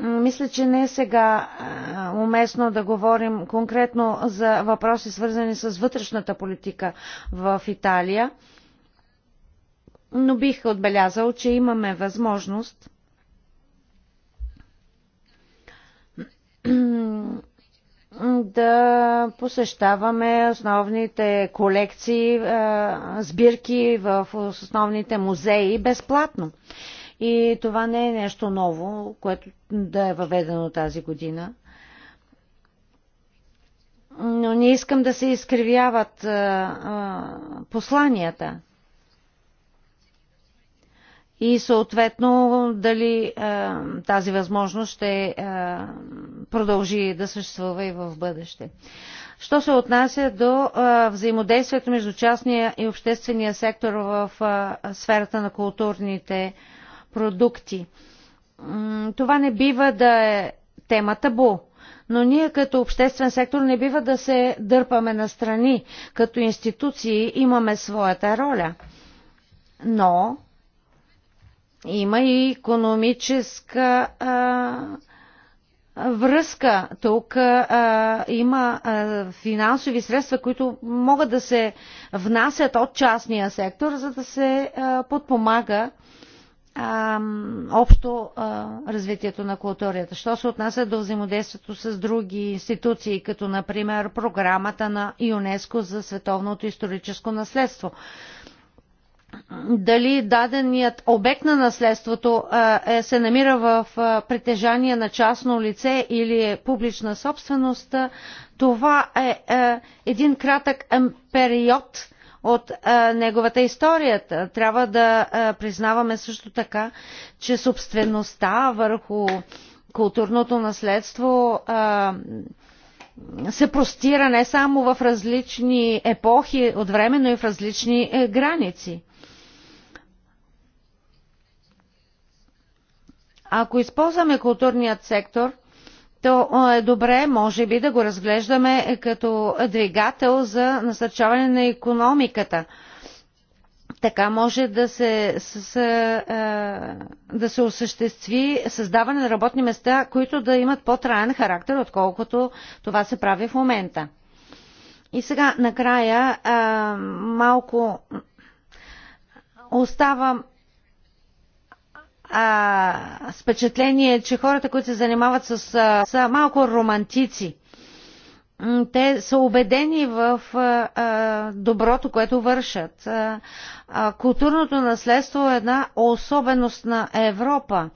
Мисля, че не е сега уместно да говорим конкретно за въпроси, свързани с вътрешната политика в Италия, но бих отбелязал, че имаме възможност да посещаваме основните колекции, сбирки в основните музеи безплатно. И това не е нещо ново, което да е въведено тази година. Но не искам да се изкривяват а, а, посланията. И съответно дали а, тази възможност ще а, продължи да съществува и в бъдеще. Що се отнася до а, взаимодействието между частния и обществения сектор в а, сферата на културните а, продукти. Това не бива да е тема табу. Но ние като обществен сектор не бива да се дърпаме на страни. Като институции имаме своята роля. Но има и економическа а, връзка. Тук а, има а, финансови средства, които могат да се внасят от частния сектор, за да се а, подпомага а, общо а, развитието на културата. Що се отнася до взаимодействието с други институции, като например програмата на ЮНЕСКО за световното историческо наследство. Дали даденият обект на наследството а, е, се намира в а, притежание на частно лице или е публична собственост, това е, е един кратък период от а, неговата история. Трябва да а, признаваме също така, че собствеността върху културното наследство а, се простира не само в различни епохи от време, но и в различни е, граници. Ако използваме културният сектор то е добре, може би, да го разглеждаме като двигател за насърчаване на економиката. Така може да се, с, а, е, да се осъществи създаване на работни места, които да имат по-траен характер, отколкото това се прави в момента. И сега, накрая, а, е, малко оставам а, впечатление, че хората, които се занимават с, а, са малко романтици. Те са убедени в а, а, доброто, което вършат. А, а, културното наследство е една особеност на Европа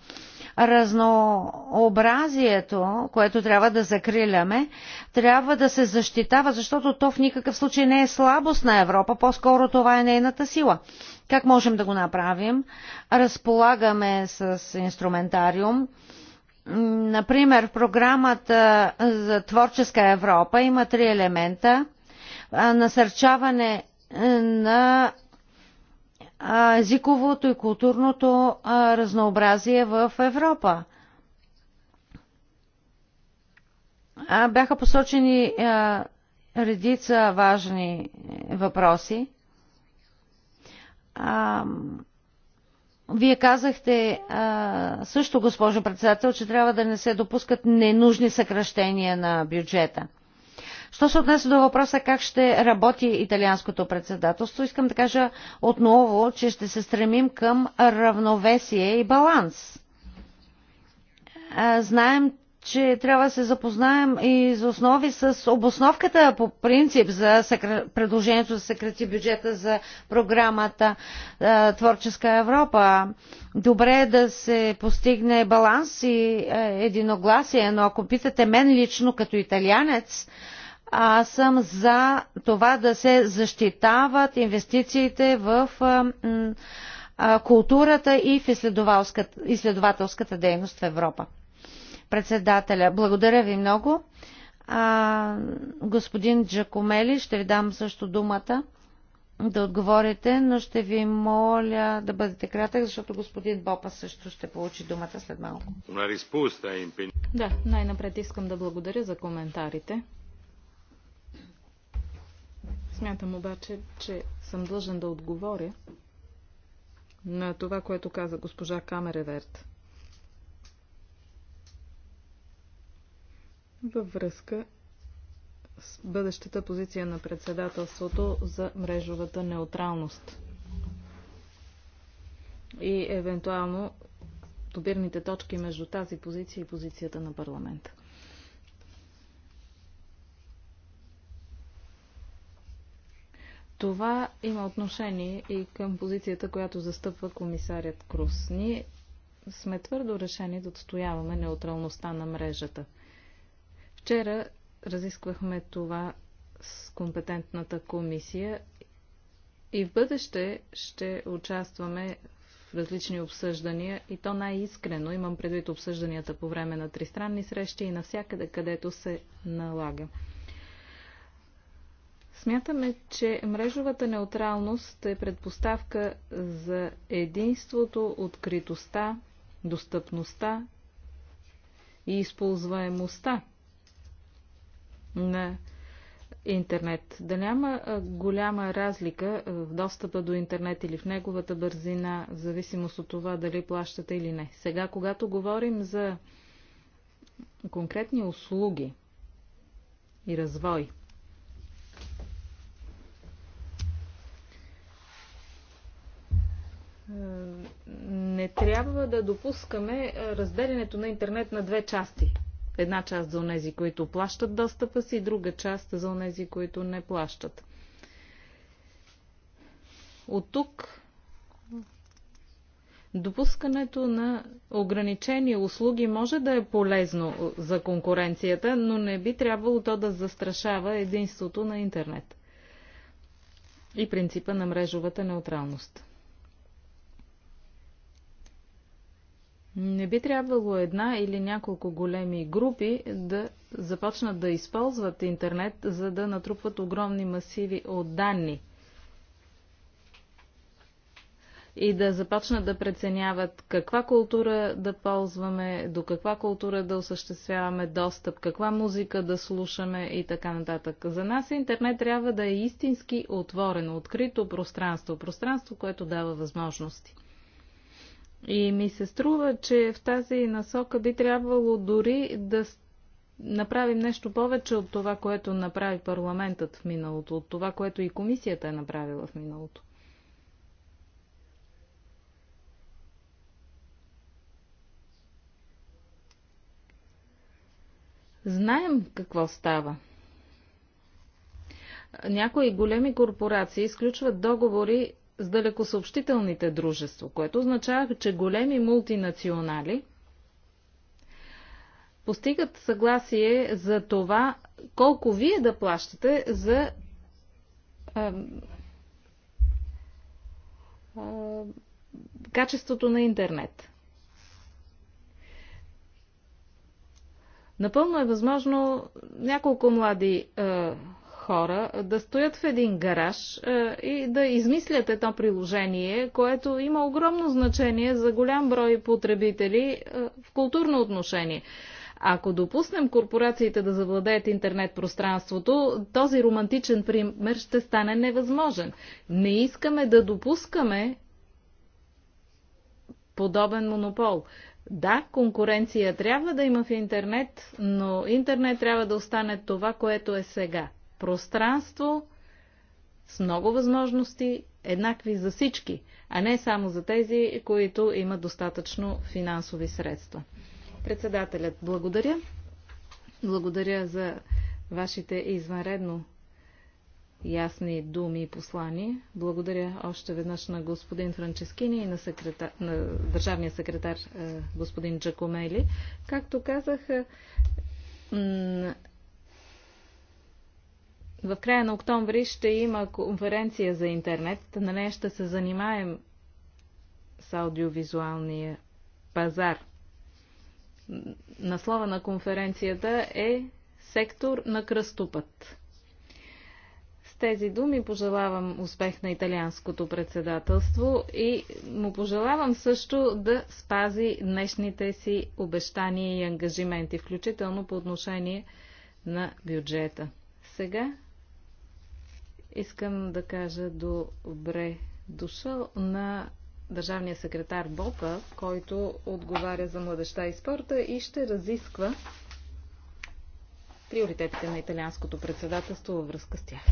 разнообразието, което трябва да закриляме, трябва да се защитава, защото то в никакъв случай не е слабост на Европа, по-скоро това е нейната сила. Как можем да го направим? Разполагаме с инструментариум. Например, в програмата за творческа Европа има три елемента. Насърчаване на езиковото и културното разнообразие в Европа. Бяха посочени редица важни въпроси. Вие казахте също, госпожо председател, че трябва да не се допускат ненужни съкръщения на бюджета. Що се отнесе до въпроса как ще работи италианското председателство, искам да кажа отново, че ще се стремим към равновесие и баланс. Знаем, че трябва да се запознаем и за основи с обосновката по принцип за предложението за секрети бюджета за програмата Творческа Европа. Добре е да се постигне баланс и единогласие, но ако питате мен лично като италианец, аз съм за това да се защитават инвестициите в културата и в изследователската дейност в Европа. Председателя, благодаря ви много. А, господин Джакомели, ще ви дам също думата да отговорите, но ще ви моля да бъдете кратък, защото господин Бопа също ще получи думата след малко. Да, най-напред искам да благодаря за коментарите. Смятам обаче, че съм длъжен да отговоря на това, което каза госпожа Камереверт. Във връзка с бъдещата позиция на председателството за мрежовата неутралност и евентуално добирните точки между тази позиция и позицията на парламента. Това има отношение и към позицията, която застъпва комисарят Крус. Ние сме твърдо решени да отстояваме неутралността на мрежата. Вчера разисквахме това с компетентната комисия и в бъдеще ще участваме в различни обсъждания и то най-искрено имам предвид обсъжданията по време на тристранни срещи и навсякъде, където се налага. Смятаме, че мрежовата неутралност е предпоставка за единството, откритостта, достъпността и използваемостта на интернет. Да няма голяма разлика в достъпа до интернет или в неговата бързина, в зависимост от това дали плащате или не. Сега, когато говорим за конкретни услуги и развой, не трябва да допускаме разделянето на интернет на две части. Една част за онези, които плащат достъпа си, друга част за онези, които не плащат. От тук допускането на ограничени услуги може да е полезно за конкуренцията, но не би трябвало то да застрашава единството на интернет и принципа на мрежовата неутралност. Не би трябвало една или няколко големи групи да започнат да използват интернет, за да натрупват огромни масиви от данни и да започнат да преценяват каква култура да ползваме, до каква култура да осъществяваме достъп, каква музика да слушаме и така нататък. За нас интернет трябва да е истински отворено, открито пространство, пространство, което дава възможности. И ми се струва, че в тази насока би трябвало дори да направим нещо повече от това, което направи парламентът в миналото, от това, което и комисията е направила в миналото. Знаем какво става. Някои големи корпорации изключват договори с далекосъобщителните дружества, което означава, че големи мултинационали постигат съгласие за това колко вие да плащате за а, а, качеството на интернет. Напълно е възможно няколко млади а, хора да стоят в един гараж е, и да измислят едно приложение, което има огромно значение за голям брой потребители е, в културно отношение. Ако допуснем корпорациите да завладеят интернет пространството, този романтичен пример ще стане невъзможен. Не искаме да допускаме подобен монопол. Да, конкуренция трябва да има в интернет, но интернет трябва да остане това, което е сега пространство с много възможности, еднакви за всички, а не само за тези, които имат достатъчно финансови средства. Председателят, благодаря. Благодаря за вашите извънредно ясни думи и послания. Благодаря още веднъж на господин Франческини и на, секретар, на държавния секретар е, господин Джакомели. Както казах, е, в края на октомври ще има конференция за интернет. На нея ще се занимаем с аудиовизуалния пазар. Наслова на конференцията е Сектор на кръстопът. С тези думи пожелавам успех на италианското председателство и му пожелавам също да спази днешните си обещания и ангажименти, включително по отношение на бюджета. Сега Искам да кажа добре дошъл на държавния секретар Бопа, който отговаря за младеща и спорта и ще разисква приоритетите на италианското председателство във връзка с тях.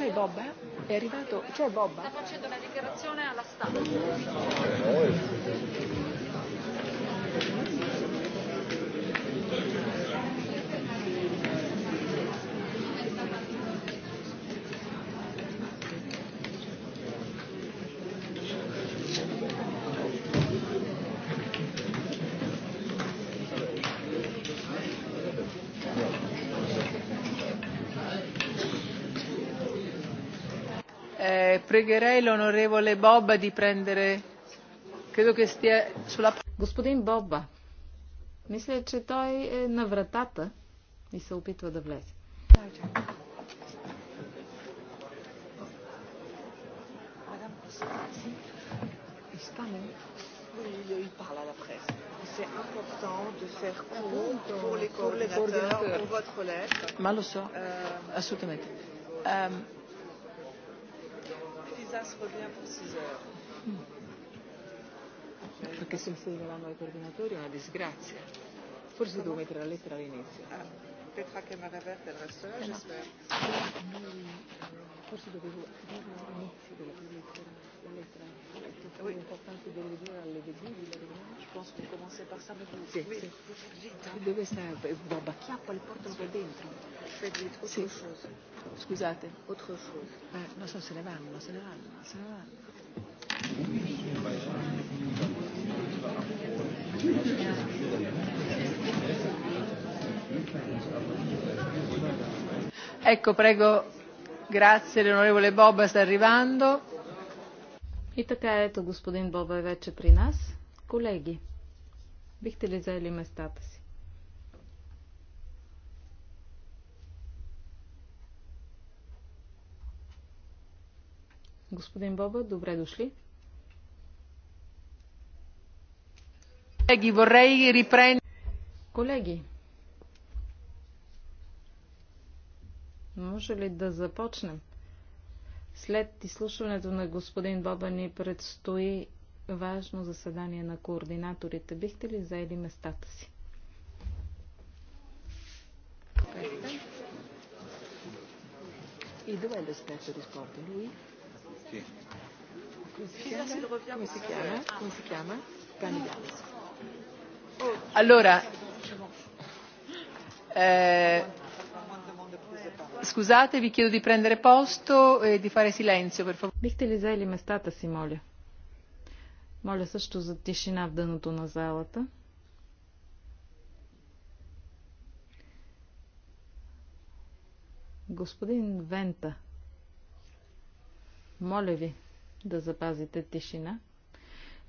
C'è Bobba? È arrivato? C'è Bobba? Sta facendo una dichiarazione alla stampa. Pregherei l'onorevole Bobba di prendere... Credo che stia sulla... Господин Бобба, мисля, че той е на вратата и се опитва да влезе. Il parle à la presse. C'est important de faire court pour les coordinateurs, pour votre lettre. Ma lo so, assolutamente. Um, Stas revient pour 6 heures. Mm. Perché se mi scriveranno ai coordinatori è una disgrazia. Forse devo mettere la lettera all'inizio. Ah, Petra Kemarevert, elle reste là, j'espère. Forse dovevo dirlo all'inizio della lettera, la lettera è oui. importante je pense par ça, mais sì, sì. dove sta? le porta dentro. Sì. Chose. Scusate. Autre chose. Eh, non so se ne vanno, se ne vanno, se ne vanno. Ecco, prego. Грация, леонореволе Боба, са И така, ето господин Боба е вече при нас. Колеги, бихте ли заели местата си? Господин Боба, добре дошли. Колеги, Може ли да започнем? След изслушването на господин Боба ни предстои важно заседание на координаторите. Бихте ли заели местата си? Allora, eh, Scusate, chiedo di prendere posto e di fare silenzio, per favore. Бихте ли заели местата си, моля? Моля също за тишина в дъното на залата. Господин Вента, моля ви да запазите тишина.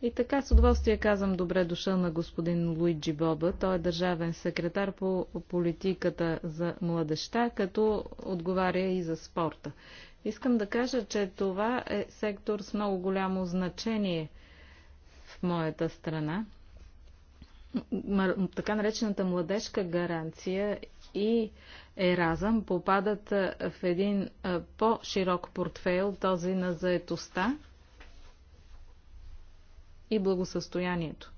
И така с удоволствие казвам добре дошъл на господин Луиджи Боба. Той е държавен секретар по политиката за младеща, като отговаря и за спорта. Искам да кажа, че това е сектор с много голямо значение в моята страна. Така наречената младежка гаранция и еразъм попадат в един по-широк портфейл, този на заетостта и благосъстоянието.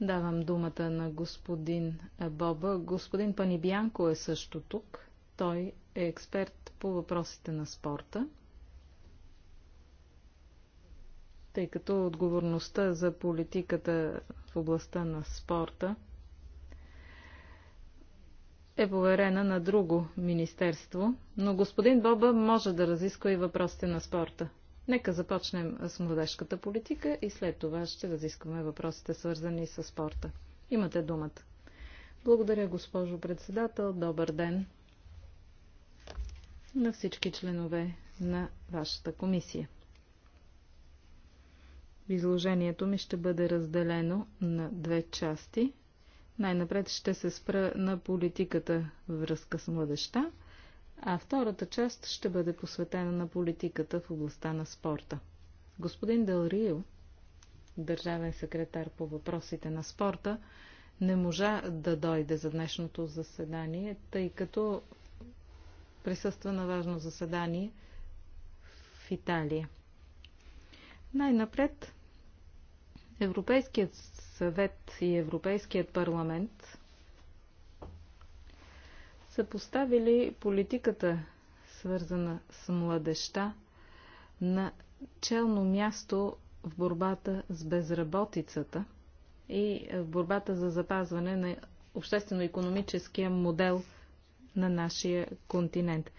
Давам думата на господин Боба. Господин Панибянко е също тук. Той е експерт по въпросите на спорта, тъй като отговорността за политиката в областта на спорта – е поверена на друго министерство, но господин Боба може да разисква и въпросите на спорта. Нека започнем с младежката политика и след това ще разискваме въпросите свързани с спорта. Имате думата. Благодаря, госпожо председател. Добър ден на всички членове на вашата комисия. Изложението ми ще бъде разделено на две части – най-напред ще се спра на политиката във връзка с младеща, а втората част ще бъде посветена на политиката в областта на спорта. Господин Делрио, държавен секретар по въпросите на спорта, не можа да дойде за днешното заседание, тъй като присъства на важно заседание в Италия. Най-напред Европейският съвет и Европейският парламент са поставили политиката, свързана с младеща, на челно място в борбата с безработицата и в борбата за запазване на обществено-економическия модел на нашия континент.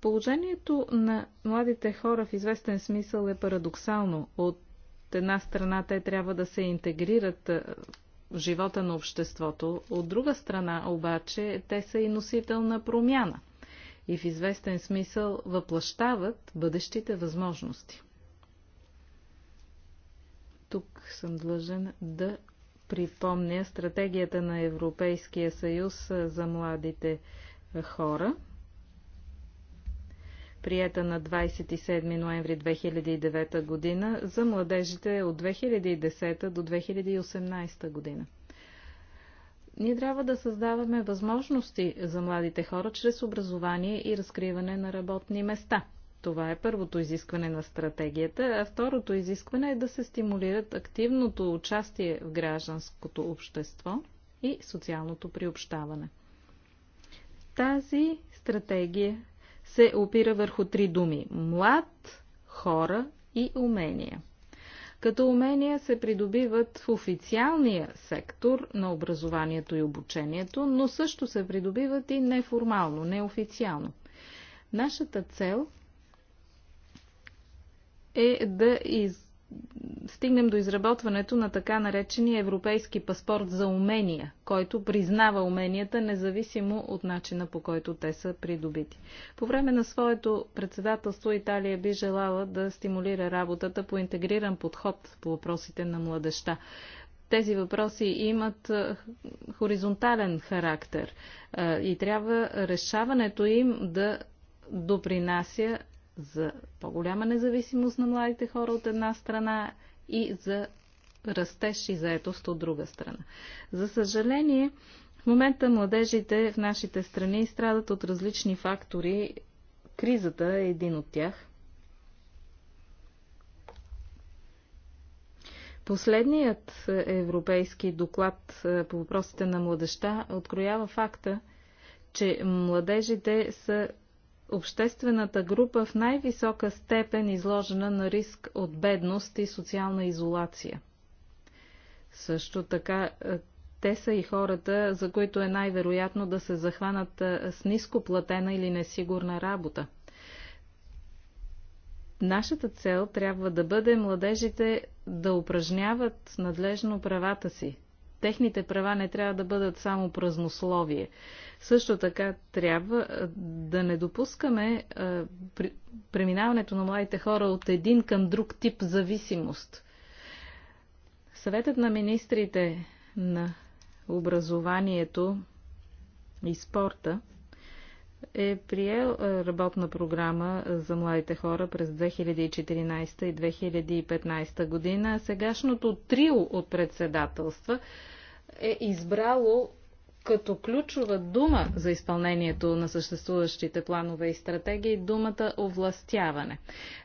Положението на младите хора в известен смисъл е парадоксално. От от една страна те трябва да се интегрират в живота на обществото, от друга страна обаче те са и носител на промяна и в известен смисъл въплащават бъдещите възможности. Тук съм длъжен да припомня стратегията на Европейския съюз за младите хора – прията на 27 ноември 2009 година за младежите от 2010 до 2018 година. Ние трябва да създаваме възможности за младите хора чрез образование и разкриване на работни места. Това е първото изискване на стратегията, а второто изискване е да се стимулират активното участие в гражданското общество и социалното приобщаване. Тази стратегия се опира върху три думи – млад, хора и умения. Като умения се придобиват в официалния сектор на образованието и обучението, но също се придобиват и неформално, неофициално. Нашата цел е да из стигнем до изработването на така наречения европейски паспорт за умения, който признава уменията независимо от начина по който те са придобити. По време на своето председателство Италия би желала да стимулира работата по интегриран подход по въпросите на младеща. Тези въпроси имат е, хоризонтален характер е, и трябва решаването им да допринася за по-голяма независимост на младите хора от една страна и за растеж и заетост от друга страна. За съжаление, в момента младежите в нашите страни страдат от различни фактори. Кризата е един от тях. Последният европейски доклад е, по въпросите на младеща откроява факта, че младежите са обществената група в най-висока степен изложена на риск от бедност и социална изолация. Също така, е, те са и хората, за които е най-вероятно да се захванат е, с ниско платена или несигурна работа. Нашата цел трябва да бъде младежите да упражняват надлежно правата си, Техните права не трябва да бъдат само празнословие. Също така трябва да не допускаме преминаването на младите хора от един към друг тип зависимост. Съветът на министрите на образованието и спорта е приел работна програма за младите хора през 2014 и 2015 година. Сегашното трио от председателства е избрало като ключова дума за изпълнението на съществуващите планове и стратегии думата овластяване.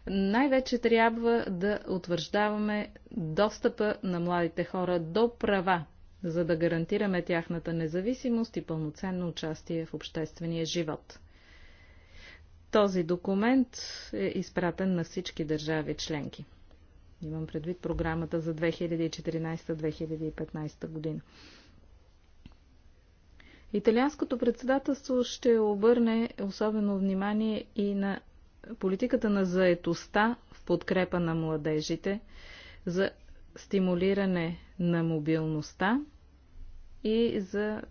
Най-вече трябва да утвърждаваме достъпа на младите хора до права, за да гарантираме тяхната независимост и пълноценно участие в обществения живот. Този документ е изпратен на всички държави членки. Имам предвид програмата за 2014-2015 година. Италианското председателство ще обърне особено внимание и на политиката на заетостта в подкрепа на младежите за стимулиране на мобилността и за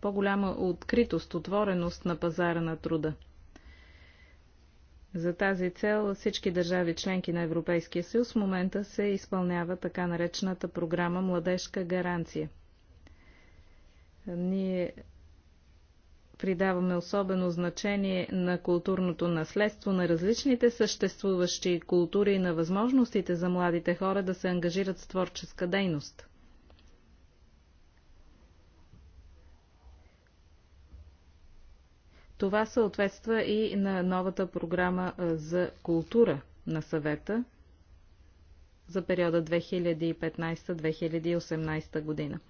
по-голяма откритост, отвореност на пазара на труда. За тази цел всички държави членки на Европейския съюз в момента се изпълнява така наречената програма Младежка гаранция. Ние придаваме особено значение на културното наследство на различните съществуващи култури и на възможностите за младите хора да се ангажират с творческа дейност. Това съответства и на новата програма за култура на съвета за периода 2015-2018 година.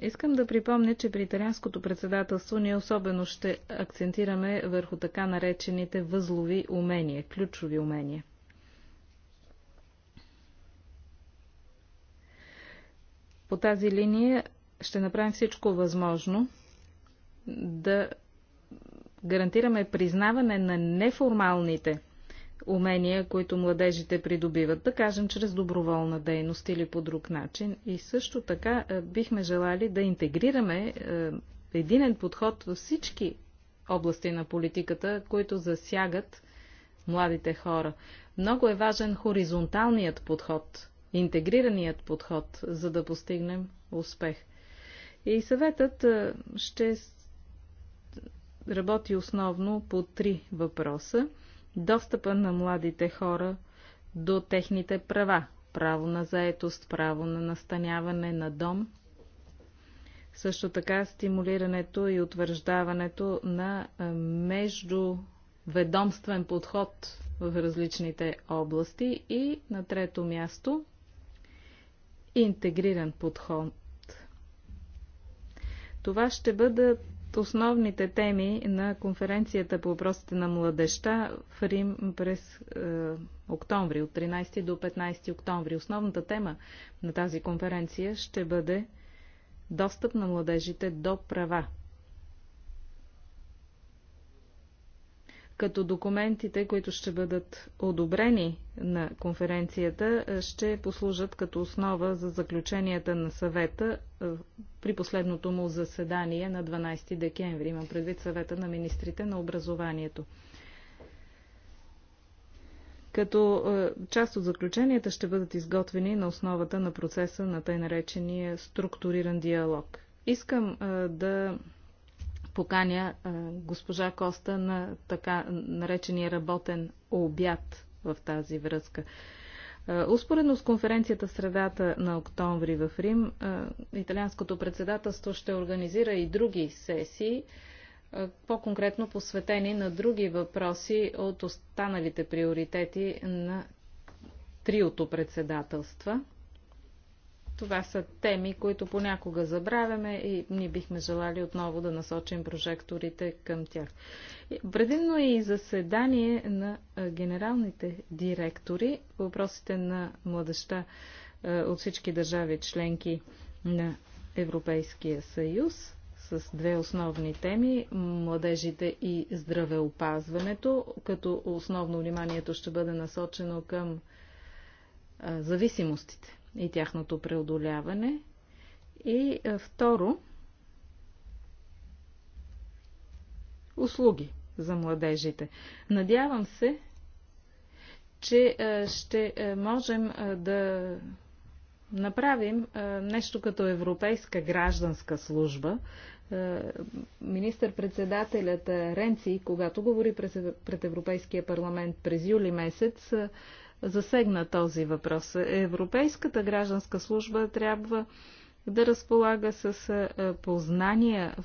Искам да припомня, че при италианското председателство ние особено ще акцентираме върху така наречените възлови умения, ключови умения. По тази линия ще направим всичко възможно да гарантираме признаване на неформалните умения, които младежите придобиват, да кажем, чрез доброволна дейност или по друг начин. И също така е, бихме желали да интегрираме е, единен подход във всички области на политиката, които засягат младите хора. Много е важен хоризонталният подход, интегрираният подход, за да постигнем успех. И съветът е, ще работи основно по три въпроса. Достъпа на младите хора до техните права. Право на заетост, право на настаняване на дом. Също така стимулирането и утвърждаването на междуведомствен подход в различните области и на трето място интегриран подход. Това ще бъдат от основните теми на конференцията по въпросите на младеща в Рим през е, октомври, от 13 до 15 октомври. Основната тема на тази конференция ще бъде достъп на младежите до права. като документите, които ще бъдат одобрени на конференцията, е, ще послужат като основа за заключенията на съвета е, при последното му заседание на 12 декември. Имам предвид съвета на министрите на образованието. Като е, част от заключенията ще бъдат изготвени на основата на процеса на тъй наречения структуриран диалог. Искам да поканя госпожа Коста на така наречения работен обяд в тази връзка. Успоредно с конференцията в средата на октомври в Рим, италианското председателство ще организира и други сесии, по-конкретно посветени на други въпроси от останалите приоритети на триото председателства – това са теми, които понякога забравяме и ние бихме желали отново да насочим прожекторите към тях. Предимно е и заседание на генералните директори по въпросите на младеща от всички държави членки на Европейския съюз с две основни теми – младежите и здравеопазването, като основно вниманието ще бъде насочено към зависимостите и тяхното преодоляване. И е, второ, услуги за младежите. Надявам се, че е, ще е, можем да направим нещо като Европейска гражданска служба. Министър-председателят Ренци, когато говори пред Европейския парламент през юли месец, засегна този въпрос. Европейската гражданска служба трябва да разполага с познания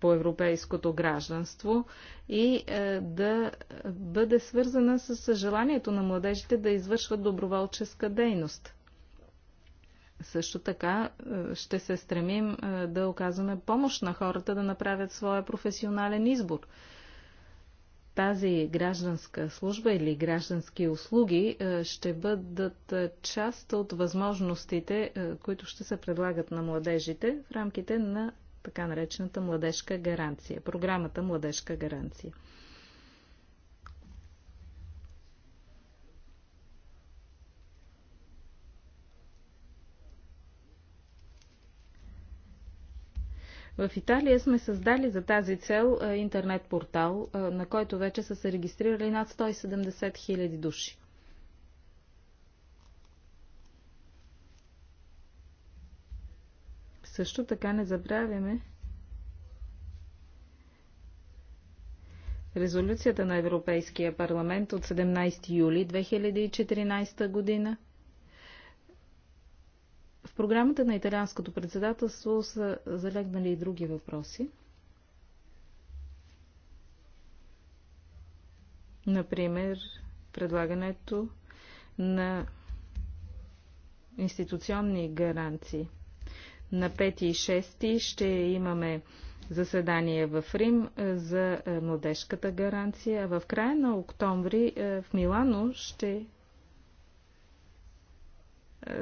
по европейското гражданство и да бъде свързана с желанието на младежите да извършват доброволческа дейност. Също така ще се стремим да оказваме помощ на хората да направят своя професионален избор тази гражданска служба или граждански услуги е, ще бъдат е, част от възможностите, е, които ще се предлагат на младежите в рамките на така наречената младежка гаранция, програмата Младежка гаранция. В Италия сме създали за тази цел интернет портал, на който вече са се регистрирали над 170 000 души. Също така не забравяме резолюцията на Европейския парламент от 17 юли 2014 година – в програмата на италианското председателство са залегнали и други въпроси. Например, предлагането на институционни гаранции. На 5 и 6 ще имаме заседание в Рим е, за е, младежката гаранция. В края на октомври е, в Милано ще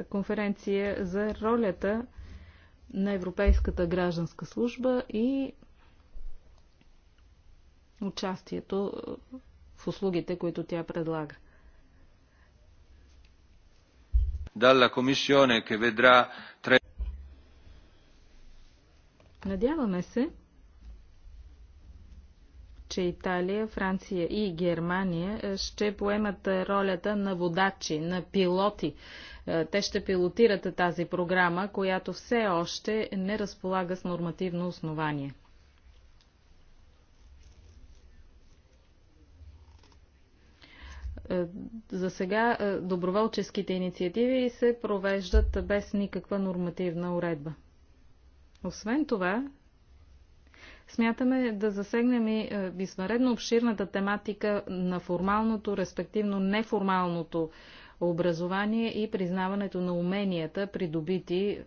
конференция за ролята на Европейската гражданска служба и участието в услугите, които тя предлага. Надяваме се, че Италия, Франция и Германия ще поемат ролята на водачи, на пилоти е, те ще пилотират тази програма, която все още не разполага с нормативно основание. Е, за сега е, доброволческите инициативи се провеждат без никаква нормативна уредба. Освен това, смятаме да засегнем и извънредно обширната тематика на формалното, респективно неформалното образование и признаването на уменията, придобити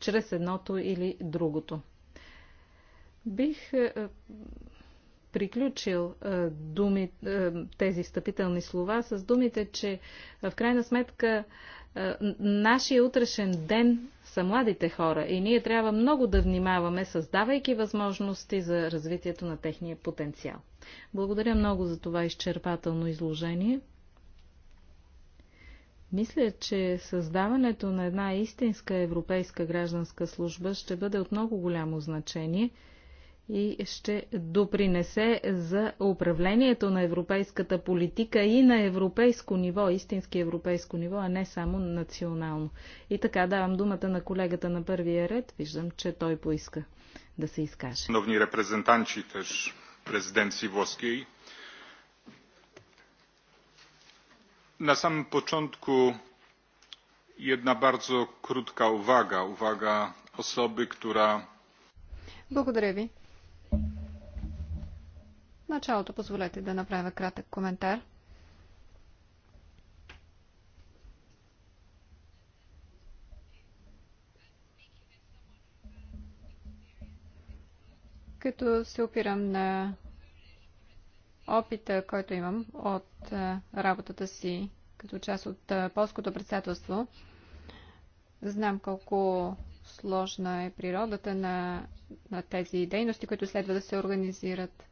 чрез едното или другото. Бих е, е, приключил е, думи, тези стъпителни слова с думите, че в крайна сметка нашия утрешен ден са младите хора и ние трябва много да внимаваме, създавайки възможности за развитието на техния потенциал. Благодаря много за това изчерпателно изложение. Мисля, че създаването на една истинска европейска гражданска служба ще бъде от много голямо значение и ще допринесе за управлението на европейската политика и на европейско ниво, истински европейско ниво, а не само национално. И така давам думата на колегата на първия ред. Виждам, че той поиска да се изкаже. Новни репрезентанти президент Сивоски, na samym początku jedna bardzo krótka uwaga uwaga osoby która Благодаря ви. В началото позволете да направя кратък коментар. Като се опирам на опита, който имам от е, работата си като част от е, полското председателство, знам колко сложна е природата на, на тези дейности, които следва да се организират.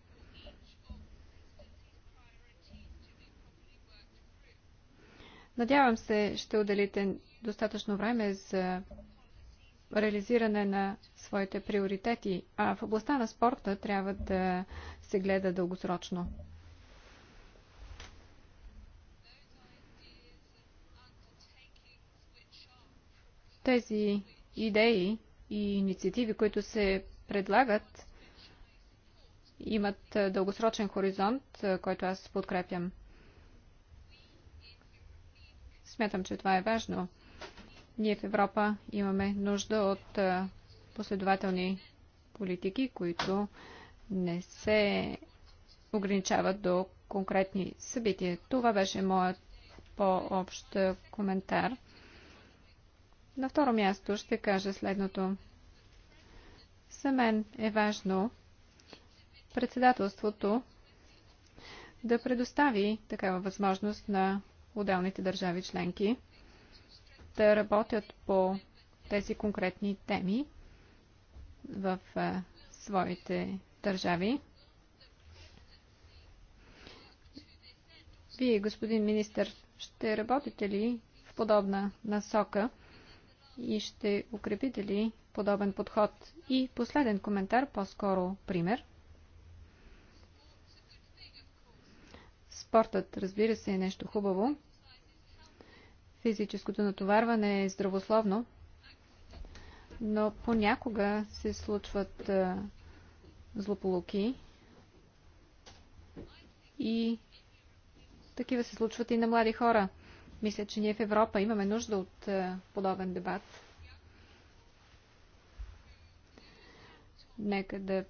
Надявам се, ще отделите достатъчно време за реализиране на своите приоритети, а в областта на спорта трябва да се гледа дългосрочно. Тези идеи и инициативи, които се предлагат, имат дългосрочен хоризонт, който аз подкрепям. Смятам, че това е важно. Ние в Европа имаме нужда от последователни политики, които не се ограничават до конкретни събития. Това беше моят по-общ коментар. На второ място ще кажа следното. За мен е важно председателството да предостави такава възможност на отделните държави членки да работят по тези конкретни теми в своите държави. Вие, господин министр, ще работите ли в подобна насока и ще укрепите ли подобен подход? И последен коментар, по-скоро пример. Спортът, разбира се, е нещо хубаво. Физическото натоварване е здравословно, но понякога се случват злополуки и такива се случват и на млади хора. Мисля, че ние в Европа имаме нужда от подобен дебат. Нека да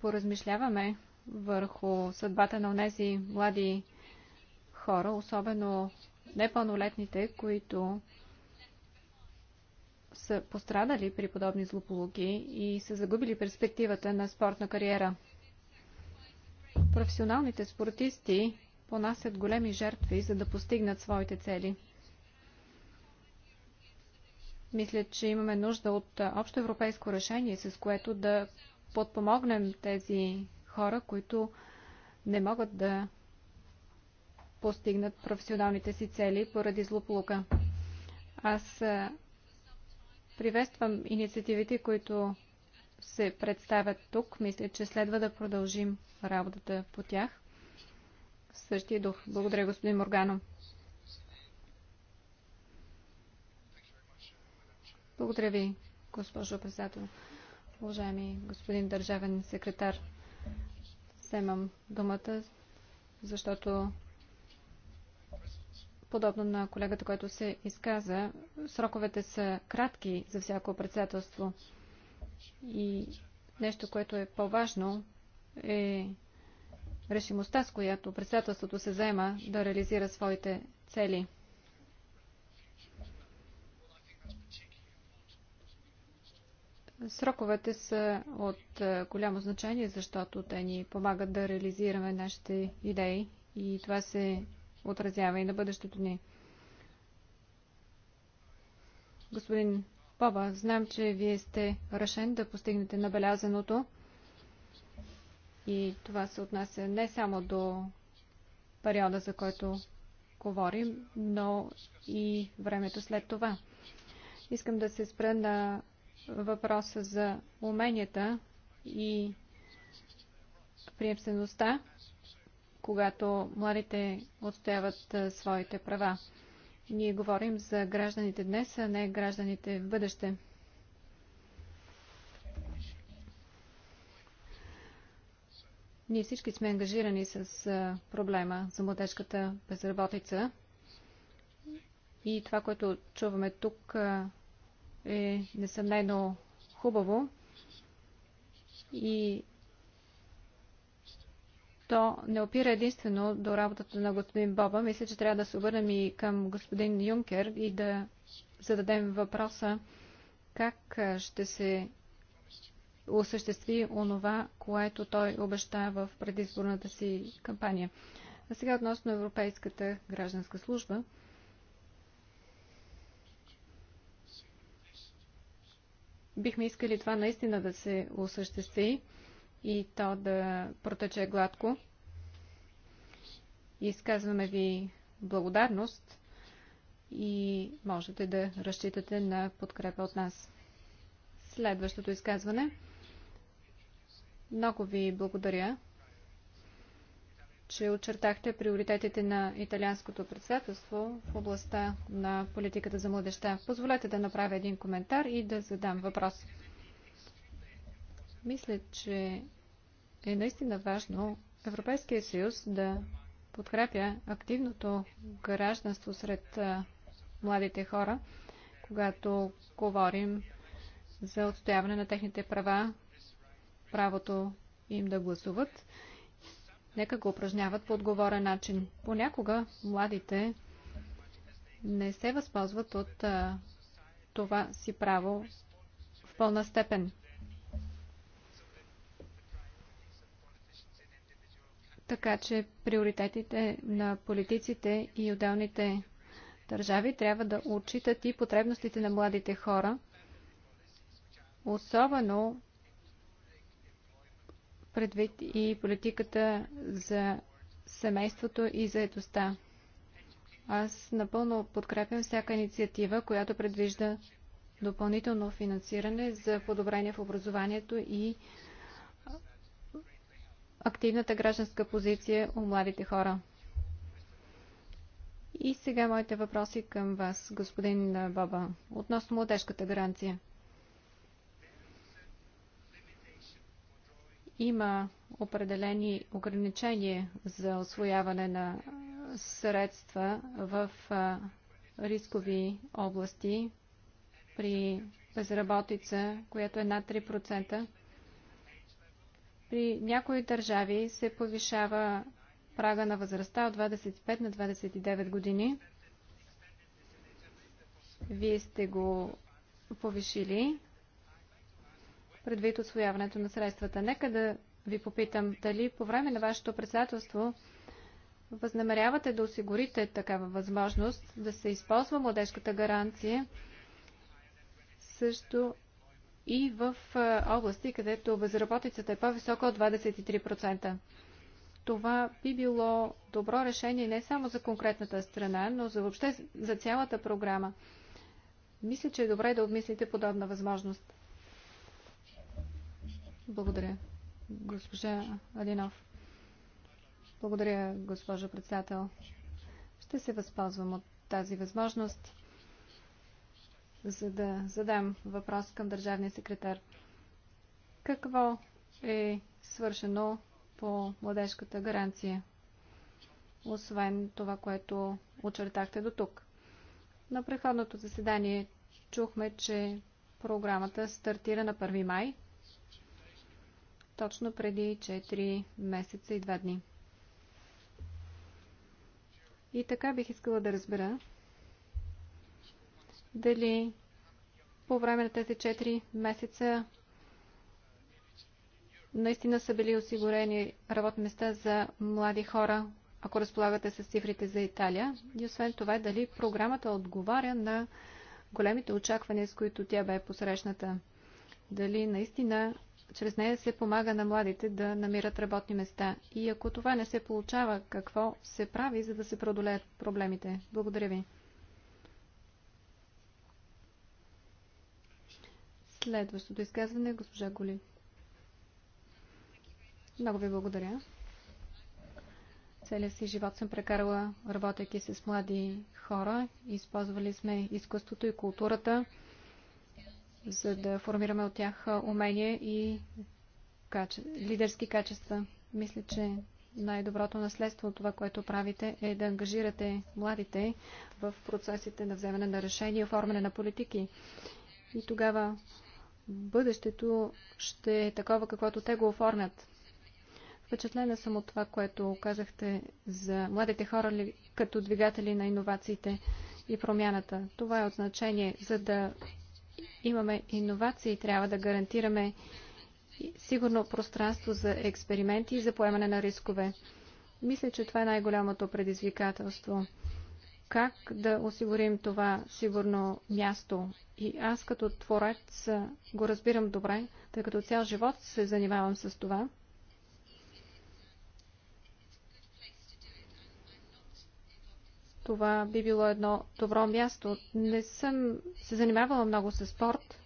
поразмишляваме върху съдбата на тези млади хора, особено непълнолетните, които са пострадали при подобни злополуки и са загубили перспективата на спортна кариера. Професионалните спортисти понасят големи жертви, за да постигнат своите цели. Мисля, че имаме нужда от общо европейско решение, с което да подпомогнем тези хора, които не могат да постигнат професионалните си цели поради злополука. Аз приветствам инициативите, които се представят тук. Мисля, че следва да продължим работата по тях. В същия дух. Благодаря, господин Моргано. Благодаря ви, госпожо председател. Уважаеми господин държавен секретар, вземам думата, защото подобно на колегата, който се изказа. Сроковете са кратки за всяко председателство. И нещо, което е по-важно, е решимостта, с която председателството се заема да реализира своите цели. Сроковете са от голямо значение, защото те ни помагат да реализираме нашите идеи и това се отразява и на бъдещето ни. Господин Боба, знам, че вие сте решен да постигнете набелязаното и това се отнася не само до периода, за който говорим, но и времето след това. Искам да се спра на въпроса за уменията и приемствеността когато младите отстояват своите права. Ние говорим за гражданите днес, а не гражданите в бъдеще. Ние всички сме ангажирани с проблема за младежката безработица. И това, което чуваме тук е несъмнено хубаво. И то не опира единствено до работата на господин Боба. Мисля, че трябва да се обърнем и към господин Юнкер и да зададем въпроса как ще се осъществи онова, което той обеща в предизборната си кампания. А сега относно Европейската гражданска служба. Бихме искали това наистина да се осъществи и то да протече гладко. Изказваме ви благодарност и можете да разчитате на подкрепа от нас. Следващото изказване. Много ви благодаря, че очертахте приоритетите на италианското председателство в областта на политиката за младеща. Позволете да направя един коментар и да задам въпрос. Мисля, че е наистина важно Европейския съюз да подкрепя активното гражданство сред младите хора, когато говорим за отстояване на техните права, правото им да гласуват. Нека го упражняват по отговорен начин. Понякога младите не се възползват от това си право в пълна степен. Така че приоритетите на политиците и отделните държави трябва да отчитат и потребностите на младите хора, особено предвид и политиката за семейството и заедостта. Аз напълно подкрепям всяка инициатива, която предвижда допълнително финансиране за подобрение в образованието и активната гражданска позиция у младите хора. И сега моите въпроси към вас, господин Боба, относно младежката гаранция. Има определени ограничения за освояване на средства в рискови области при безработица, която е над 3%. При някои държави се повишава прага на възрастта от 25 на 29 години. Вие сте го повишили предвид освояването на средствата. Нека да ви попитам дали по време на вашето председателство възнамерявате да осигурите такава възможност да се използва младежката гаранция също и в области, където безработицата е по-висока от 23%. Това би било добро решение не само за конкретната страна, но за въобще за цялата програма. Мисля, че е добре да обмислите подобна възможност. Благодаря, госпожа Алинов. Благодаря, госпожо председател. Ще се възползвам от тази възможност за да задам въпрос към държавния секретар. Какво е свършено по младежката гаранция, освен това, което очертахте до тук? На преходното заседание чухме, че програмата стартира на 1 май, точно преди 4 месеца и 2 дни. И така бих искала да разбера дали по време на тези 4 месеца наистина са били осигурени работни места за млади хора, ако разполагате с цифрите за Италия. И освен това, дали програмата отговаря на големите очаквания, с които тя бе посрещната. Дали наистина чрез нея се помага на младите да намират работни места. И ако това не се получава, какво се прави, за да се преодолеят проблемите? Благодаря ви. Следващото изказване е госпожа Голи. Много ви благодаря. Целият си живот съм прекарала, работейки с млади хора. Използвали сме изкуството и културата, за да формираме от тях умения и каче... лидерски качества. Мисля, че най-доброто наследство от това, което правите, е да ангажирате младите в процесите на вземане на решения и оформяне на политики. И тогава бъдещето ще е такова, каквото те го оформят. Впечатлена съм от това, което казахте за младите хора ли, като двигатели на иновациите и промяната. Това е от значение. За да имаме иновации, трябва да гарантираме сигурно пространство за експерименти и за поемане на рискове. Мисля, че това е най-голямото предизвикателство – как да осигурим това сигурно място. И аз като творец го разбирам добре, тъй като цял живот се занимавам с това. Това би било едно добро място. Не съм се занимавала много с спорт,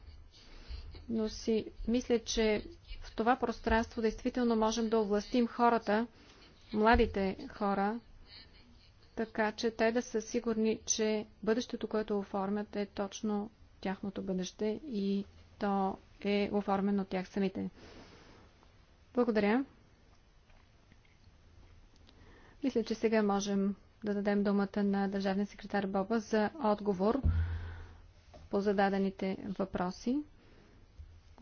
но си мисля, че в това пространство действително можем да овластим хората, младите хора, така че те да са сигурни, че бъдещето, което оформят, е точно тяхното бъдеще и то е оформено от тях самите. Благодаря. Мисля, че сега можем да дадем думата на държавния секретар Боба за отговор по зададените въпроси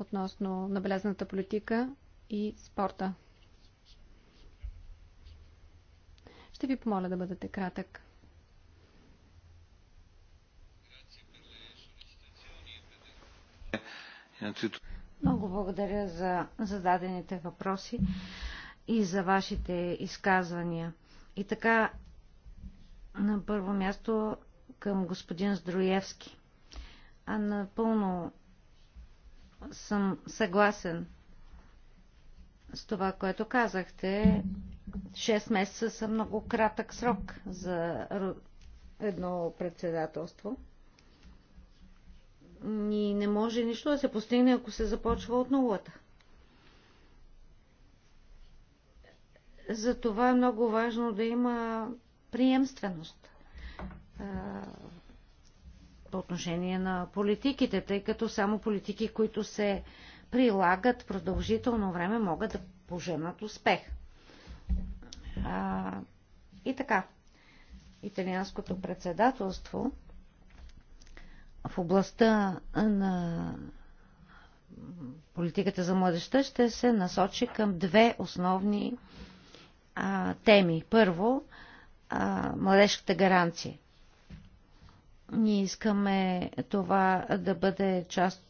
относно набелязаната политика и спорта. Ще ви помоля да бъдете кратък. Много благодаря за зададените въпроси и за вашите изказвания. И така, на първо място към господин Здроевски. А напълно съм съгласен с това, което казахте 6 месеца са много кратък срок за едно председателство. И не може нищо да се постигне, ако се започва от нулата. Затова е много важно да има приемственост по отношение на политиките, тъй като само политики, които се прилагат продължително време, могат да поженат успех. А, и така, италианското председателство в областта на политиката за младеща ще се насочи към две основни а, теми. Първо, а, младежката гаранция. Ние искаме това да бъде част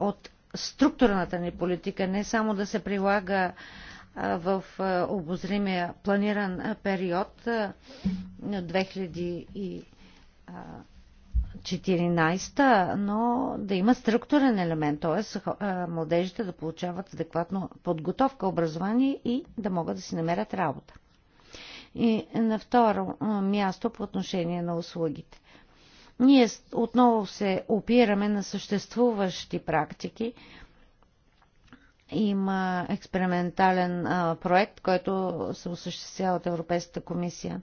от структурната ни политика, не само да се прилага в обозримия планиран период 2014, но да има структурен елемент, т.е. младежите да получават адекватно подготовка, образование и да могат да си намерят работа. И на второ място по отношение на услугите. Ние отново се опираме на съществуващи практики, има експериментален а, проект, който се осъществява от Европейската комисия.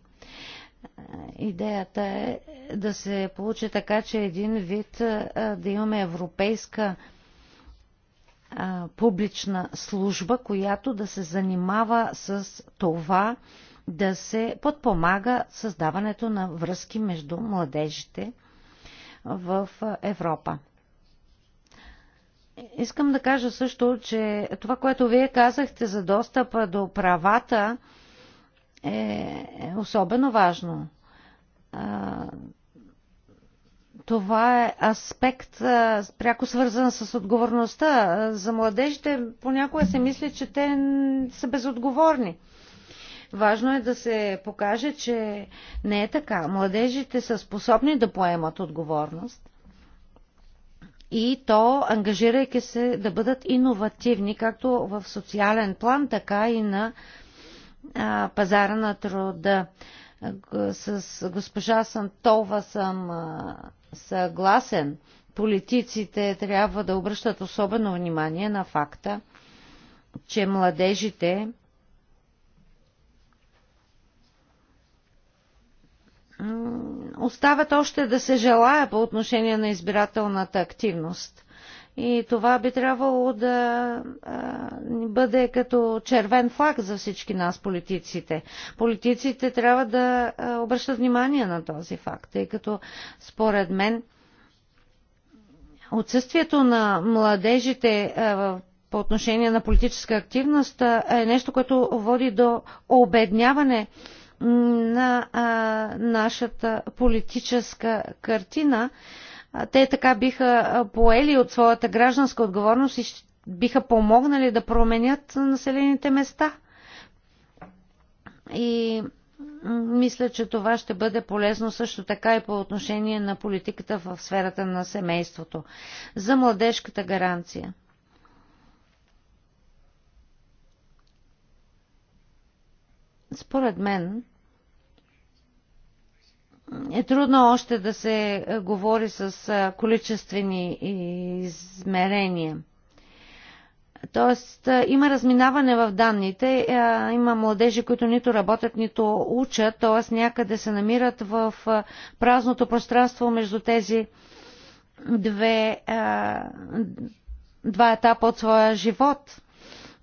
Идеята е да се получи така, че един вид а, да имаме европейска а, публична служба, която да се занимава с това да се подпомага създаването на връзки между младежите в Европа. Искам да кажа също, че това, което вие казахте за достъпа до правата е особено важно. Това е аспект пряко свързан с отговорността. За младежите понякога се мисли, че те са безотговорни. Важно е да се покаже, че не е така. Младежите са способни да поемат отговорност и то ангажирайки се да бъдат иновативни, както в социален план, така и на а, пазара на труда. С госпожа Сантова съм а, съгласен. Политиците трябва да обръщат особено внимание на факта, че младежите остават още да се желая по отношение на избирателната активност. И това би трябвало да а, бъде като червен флаг за всички нас, политиците. Политиците трябва да а, обръщат внимание на този факт, тъй като според мен отсъствието на младежите а, по отношение на политическа активност а, е нещо, което води до обедняване а, на а, нашата политическа картина. Те така биха поели от своята гражданска отговорност и биха помогнали да променят населените места. И мисля, че това ще бъде полезно също така и по отношение на политиката в сферата на семейството. За младежката гаранция. Според мен, е трудно още да се е, говори с е, количествени измерения. Тоест, е, има разминаване в данните. Има младежи, които нито работят, нито учат, т.е. някъде се намират в празното пространство между тези две, два етапа от своя живот.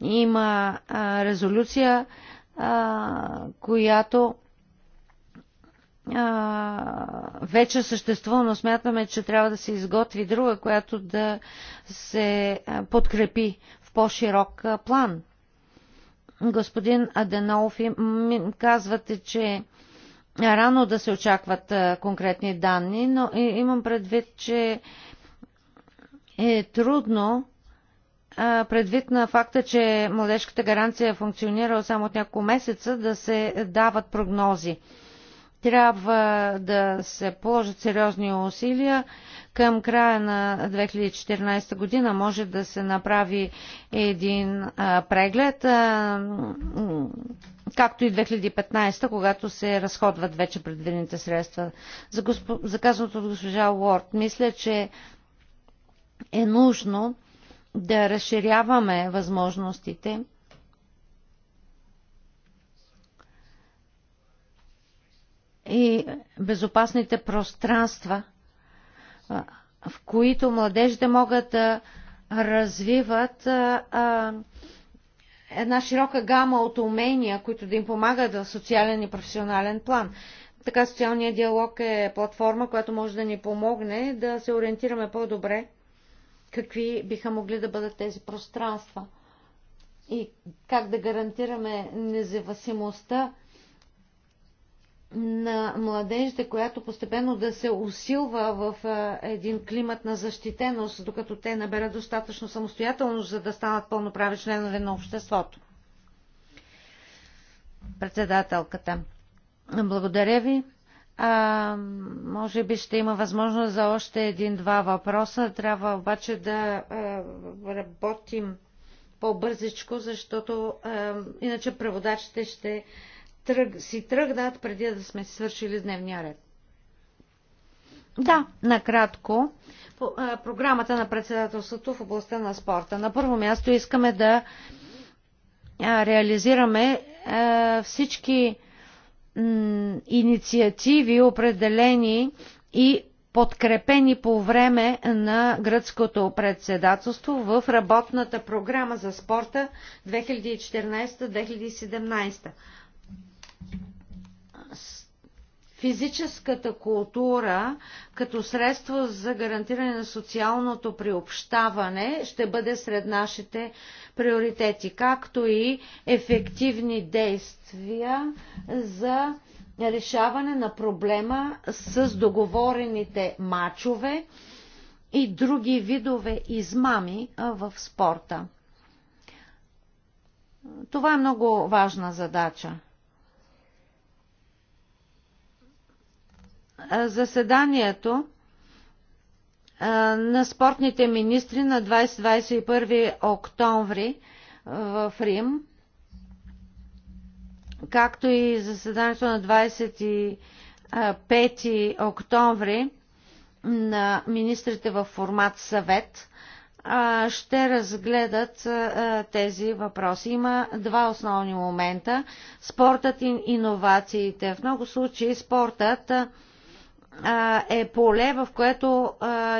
Има резолюция, която вече съществува, но смятаме, че трябва да се изготви друга, която да се подкрепи в по-широк план. Господин Аденов, казвате, че рано да се очакват конкретни данни, но имам предвид, че е трудно предвид на факта, че младежката гаранция е функционира само от няколко месеца, да се дават прогнози. Трябва да се положат сериозни усилия. Към края на 2014 година може да се направи един а, преглед, а, както и 2015, когато се разходват вече предвидените средства. За, госп... за казаното от госпожа Уорд, мисля, че е нужно да разширяваме възможностите и безопасните пространства, в които младежите могат да развиват една широка гама от умения, които да им помагат в социален и професионален план. Така социалният диалог е платформа, която може да ни помогне да се ориентираме по-добре какви биха могли да бъдат тези пространства и как да гарантираме независимостта на младежите, която постепенно да се усилва в един климат на защитеност, докато те наберат достатъчно самостоятелност, за да станат пълноправи членове на обществото. Председателката. Благодаря ви. А, може би ще има възможност за още един-два въпроса. Трябва обаче да а, работим по-бързичко, защото а, иначе преводачите ще тръг, си тръгнат преди да сме свършили дневния ред. Да, накратко. програмата на председателството в областта на спорта. На първо място искаме да реализираме всички инициативи, определени и подкрепени по време на гръцкото председателство в работната програма за спорта 2014-2017 физическата култура като средство за гарантиране на социалното приобщаване ще бъде сред нашите приоритети, както и ефективни действия за решаване на проблема с договорените мачове и други видове измами в спорта. Това е много важна задача. заседанието на спортните министри на 21 октомври в Рим, както и заседанието на 25 октомври на министрите в формат съвет ще разгледат тези въпроси. Има два основни момента. Спортът и иновациите. В много случаи спортът е поле, в което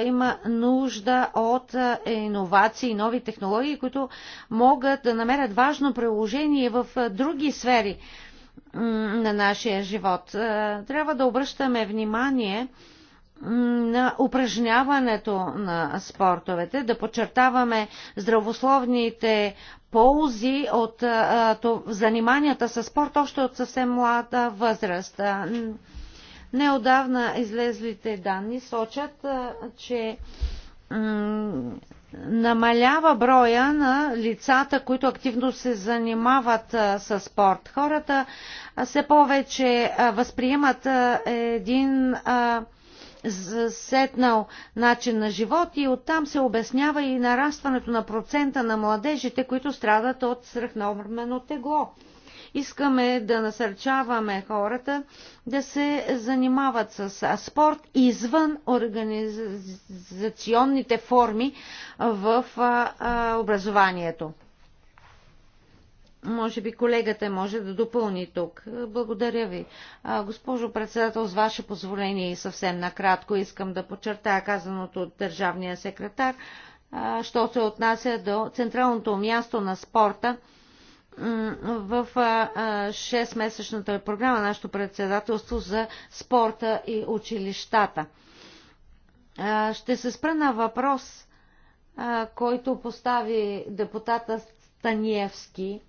има нужда от иновации, нови технологии, които могат да намерят важно приложение в други сфери на нашия живот. Трябва да обръщаме внимание на упражняването на спортовете, да подчертаваме здравословните ползи от заниманията с спорт още от съвсем млада възраст. Неодавна излезлите данни сочат, че намалява броя на лицата, които активно се занимават с спорт. Хората все повече възприемат един сетнал начин на живот и оттам се обяснява и нарастването на процента на младежите, които страдат от свръхнормено тегло. Искаме да насърчаваме хората да се занимават с спорт извън организационните форми в образованието. Може би колегата може да допълни тук. Благодаря ви. Госпожо председател, с ваше позволение и съвсем накратко искам да подчертая казаното от държавния секретар, що се отнася до централното място на спорта – в 6-месечната програма, нашето председателство за спорта и училищата. Ще се спра на въпрос, който постави депутата Станиевски.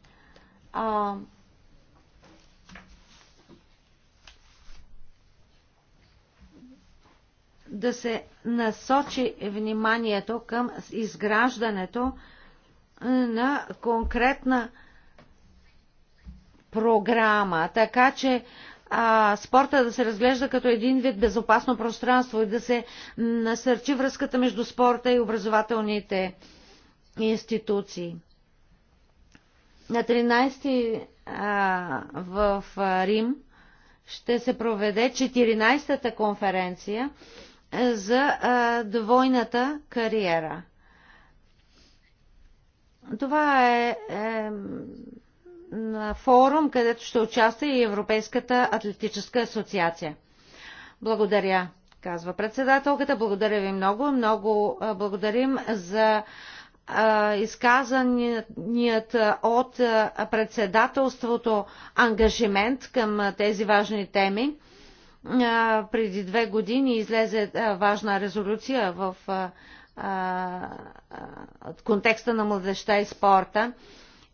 Да се насочи вниманието към изграждането на конкретна програма, така че а, спорта да се разглежда като един вид безопасно пространство и да се насърчи връзката между спорта и образователните институции. На 13 а, в Рим ще се проведе 14-та конференция за а, двойната кариера. Това е, е на форум, където ще участва и Европейската атлетическа асоциация. Благодаря, казва председателката. Благодаря ви много. Много благодарим за изказаният от председателството ангажимент към тези важни теми. Преди две години излезе важна резолюция в контекста на младеща и спорта.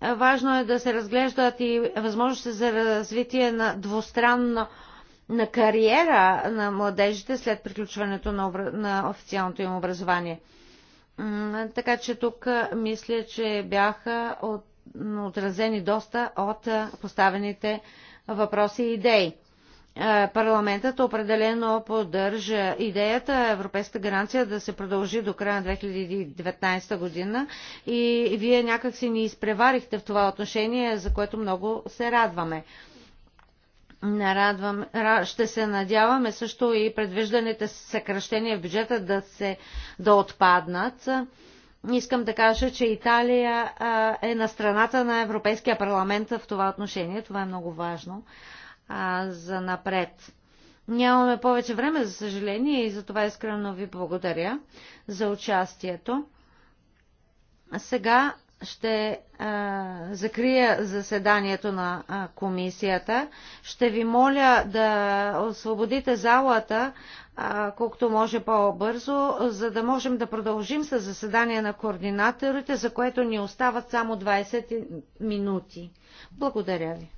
Важно е да се разглеждат и възможности за развитие на двустранно на кариера на младежите след приключването на, обр... на официалното им образование. Така че тук мисля, че бяха от... отразени доста от поставените въпроси и идеи. Е, парламентът определено поддържа идеята Европейската гаранция да се продължи до края на 2019 година и вие някакси ни изпреварихте в това отношение, за което много се радваме. Нарадвам, ще се надяваме също и предвижданите съкръщения в бюджета да, се, да отпаднат. Искам да кажа, че Италия е на страната на Европейския парламент в това отношение. Това е много важно а, за напред. Нямаме повече време, за съжаление, и за това искрено ви благодаря за участието. Сега ще а, закрия заседанието на а, комисията. Ще ви моля да освободите залата а, колкото може по-бързо, за да можем да продължим с заседание на координаторите, за което ни остават само 20 минути. Благодаря ви.